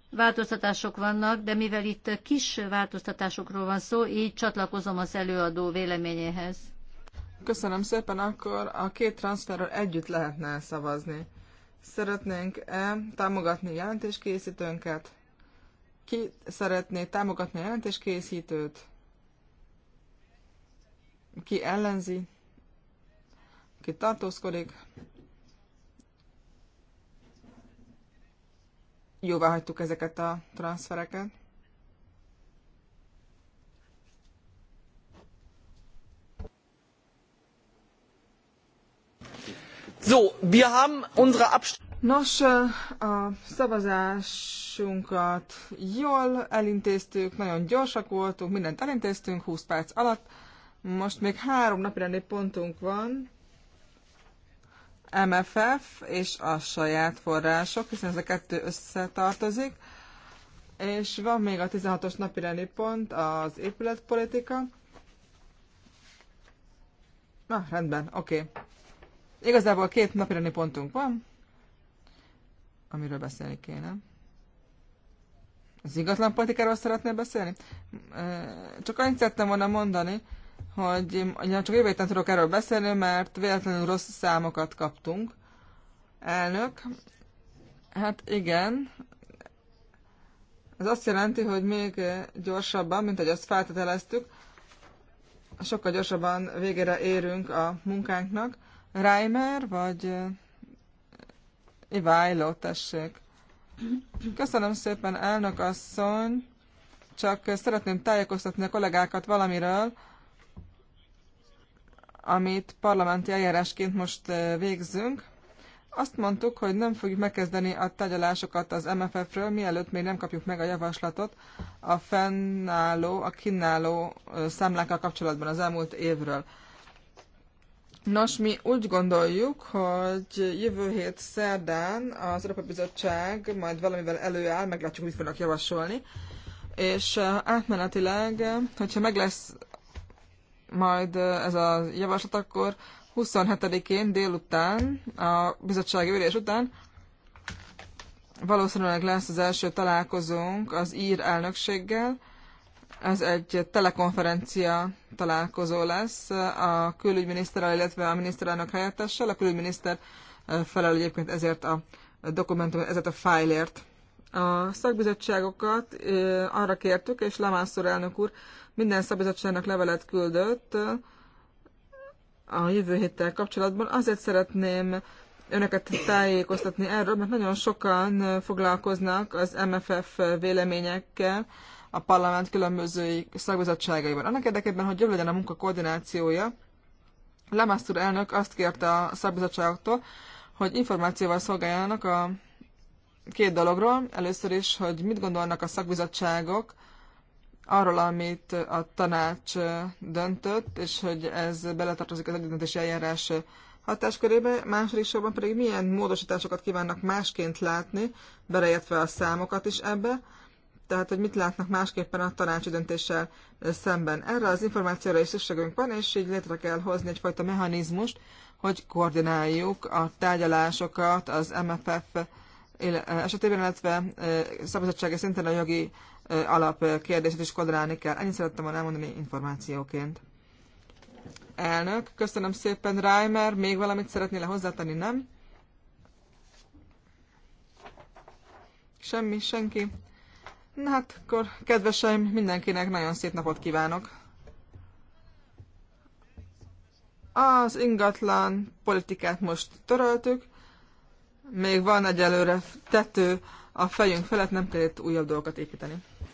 változtatások vannak, de mivel itt kis változtatásokról van szó, így csatlakozom az előadó véleményéhez. Köszönöm szépen, akkor a két transferről együtt lehetne szavazni. Szeretnénk-e támogatni jelentéskészítőnket? Ki szeretné támogatni a jelentéskészítőt? Ki ellenzi? Ki tartózkodik? jóvá hagytuk ezeket a transfereket. So, wir haben unsere Nos, a szavazásunkat jól elintéztük, nagyon gyorsak voltunk, mindent elintéztünk 20 perc alatt. Most még három napirendi pontunk van. MFF és a saját források, hiszen ez a kettő összetartozik. És van még a 16-os napi pont, az épületpolitika. Na, ah, rendben, oké. Okay. Igazából két rendi pontunk van, amiről beszélni kéne. Az ingatlan politikáról szeretnél beszélni? Csak annyit szerettem volna mondani, hogy csak jövő héten tudok erről beszélni, mert véletlenül rossz számokat kaptunk. Elnök, hát igen, ez azt jelenti, hogy még gyorsabban, mint ahogy azt feltételeztük, sokkal gyorsabban végére érünk a munkánknak. Reimer vagy eh, Iványló, tessék. Köszönöm szépen, elnök asszony. Csak szeretném tájékoztatni a kollégákat valamiről, amit parlamenti eljárásként most végzünk. Azt mondtuk, hogy nem fogjuk megkezdeni a tárgyalásokat az MFF-ről, mielőtt még nem kapjuk meg a javaslatot a fennálló, a kínáló számlákkal kapcsolatban az elmúlt évről. Nos, mi úgy gondoljuk, hogy jövő hét szerdán az Európai Bizottság majd valamivel előáll, meglátjuk, mit fognak javasolni, és átmenetileg, hogyha meg lesz majd ez a javaslat, akkor 27-én délután, a bizottsági ülés után valószínűleg lesz az első találkozónk az ír elnökséggel. Ez egy telekonferencia találkozó lesz a külügyminiszterrel, illetve a miniszterelnök helyettessel. A külügyminiszter felel egyébként ezért a dokumentum, ezért a fájlért. A szakbizottságokat arra kértük, és Lamászor elnök úr minden szabizottságnak levelet küldött a jövő héttel kapcsolatban. Azért szeretném önöket tájékoztatni erről, mert nagyon sokan foglalkoznak az MFF véleményekkel a parlament különböző szakbizottságaiban. Annak érdekében, hogy jobb legyen a munka koordinációja, Lemasztur elnök azt kérte a szakbizottságoktól, hogy információval szolgáljanak a két dologról. Először is, hogy mit gondolnak a szakbizottságok arról, amit a tanács döntött, és hogy ez beletartozik az együttdöntési eljárás hatáskörébe, második sorban pedig milyen módosításokat kívánnak másként látni, beleértve a számokat is ebbe, tehát hogy mit látnak másképpen a tanácsi döntéssel szemben. Erre az információra is szükségünk van, és így létre kell hozni egyfajta mechanizmust, hogy koordináljuk a tárgyalásokat az MFF esetében, illetve szabadsági szinten a jogi alapkérdését is kodrálni kell. Ennyit szerettem volna elmondani információként. Elnök, köszönöm szépen, Reimer, még valamit szeretnél -e hozzátenni, nem? Semmi, senki. Na hát, akkor kedveseim, mindenkinek nagyon szép napot kívánok. Az ingatlan politikát most töröltük, még van egyelőre tető a fejünk felett, nem kell itt újabb dolgokat építeni.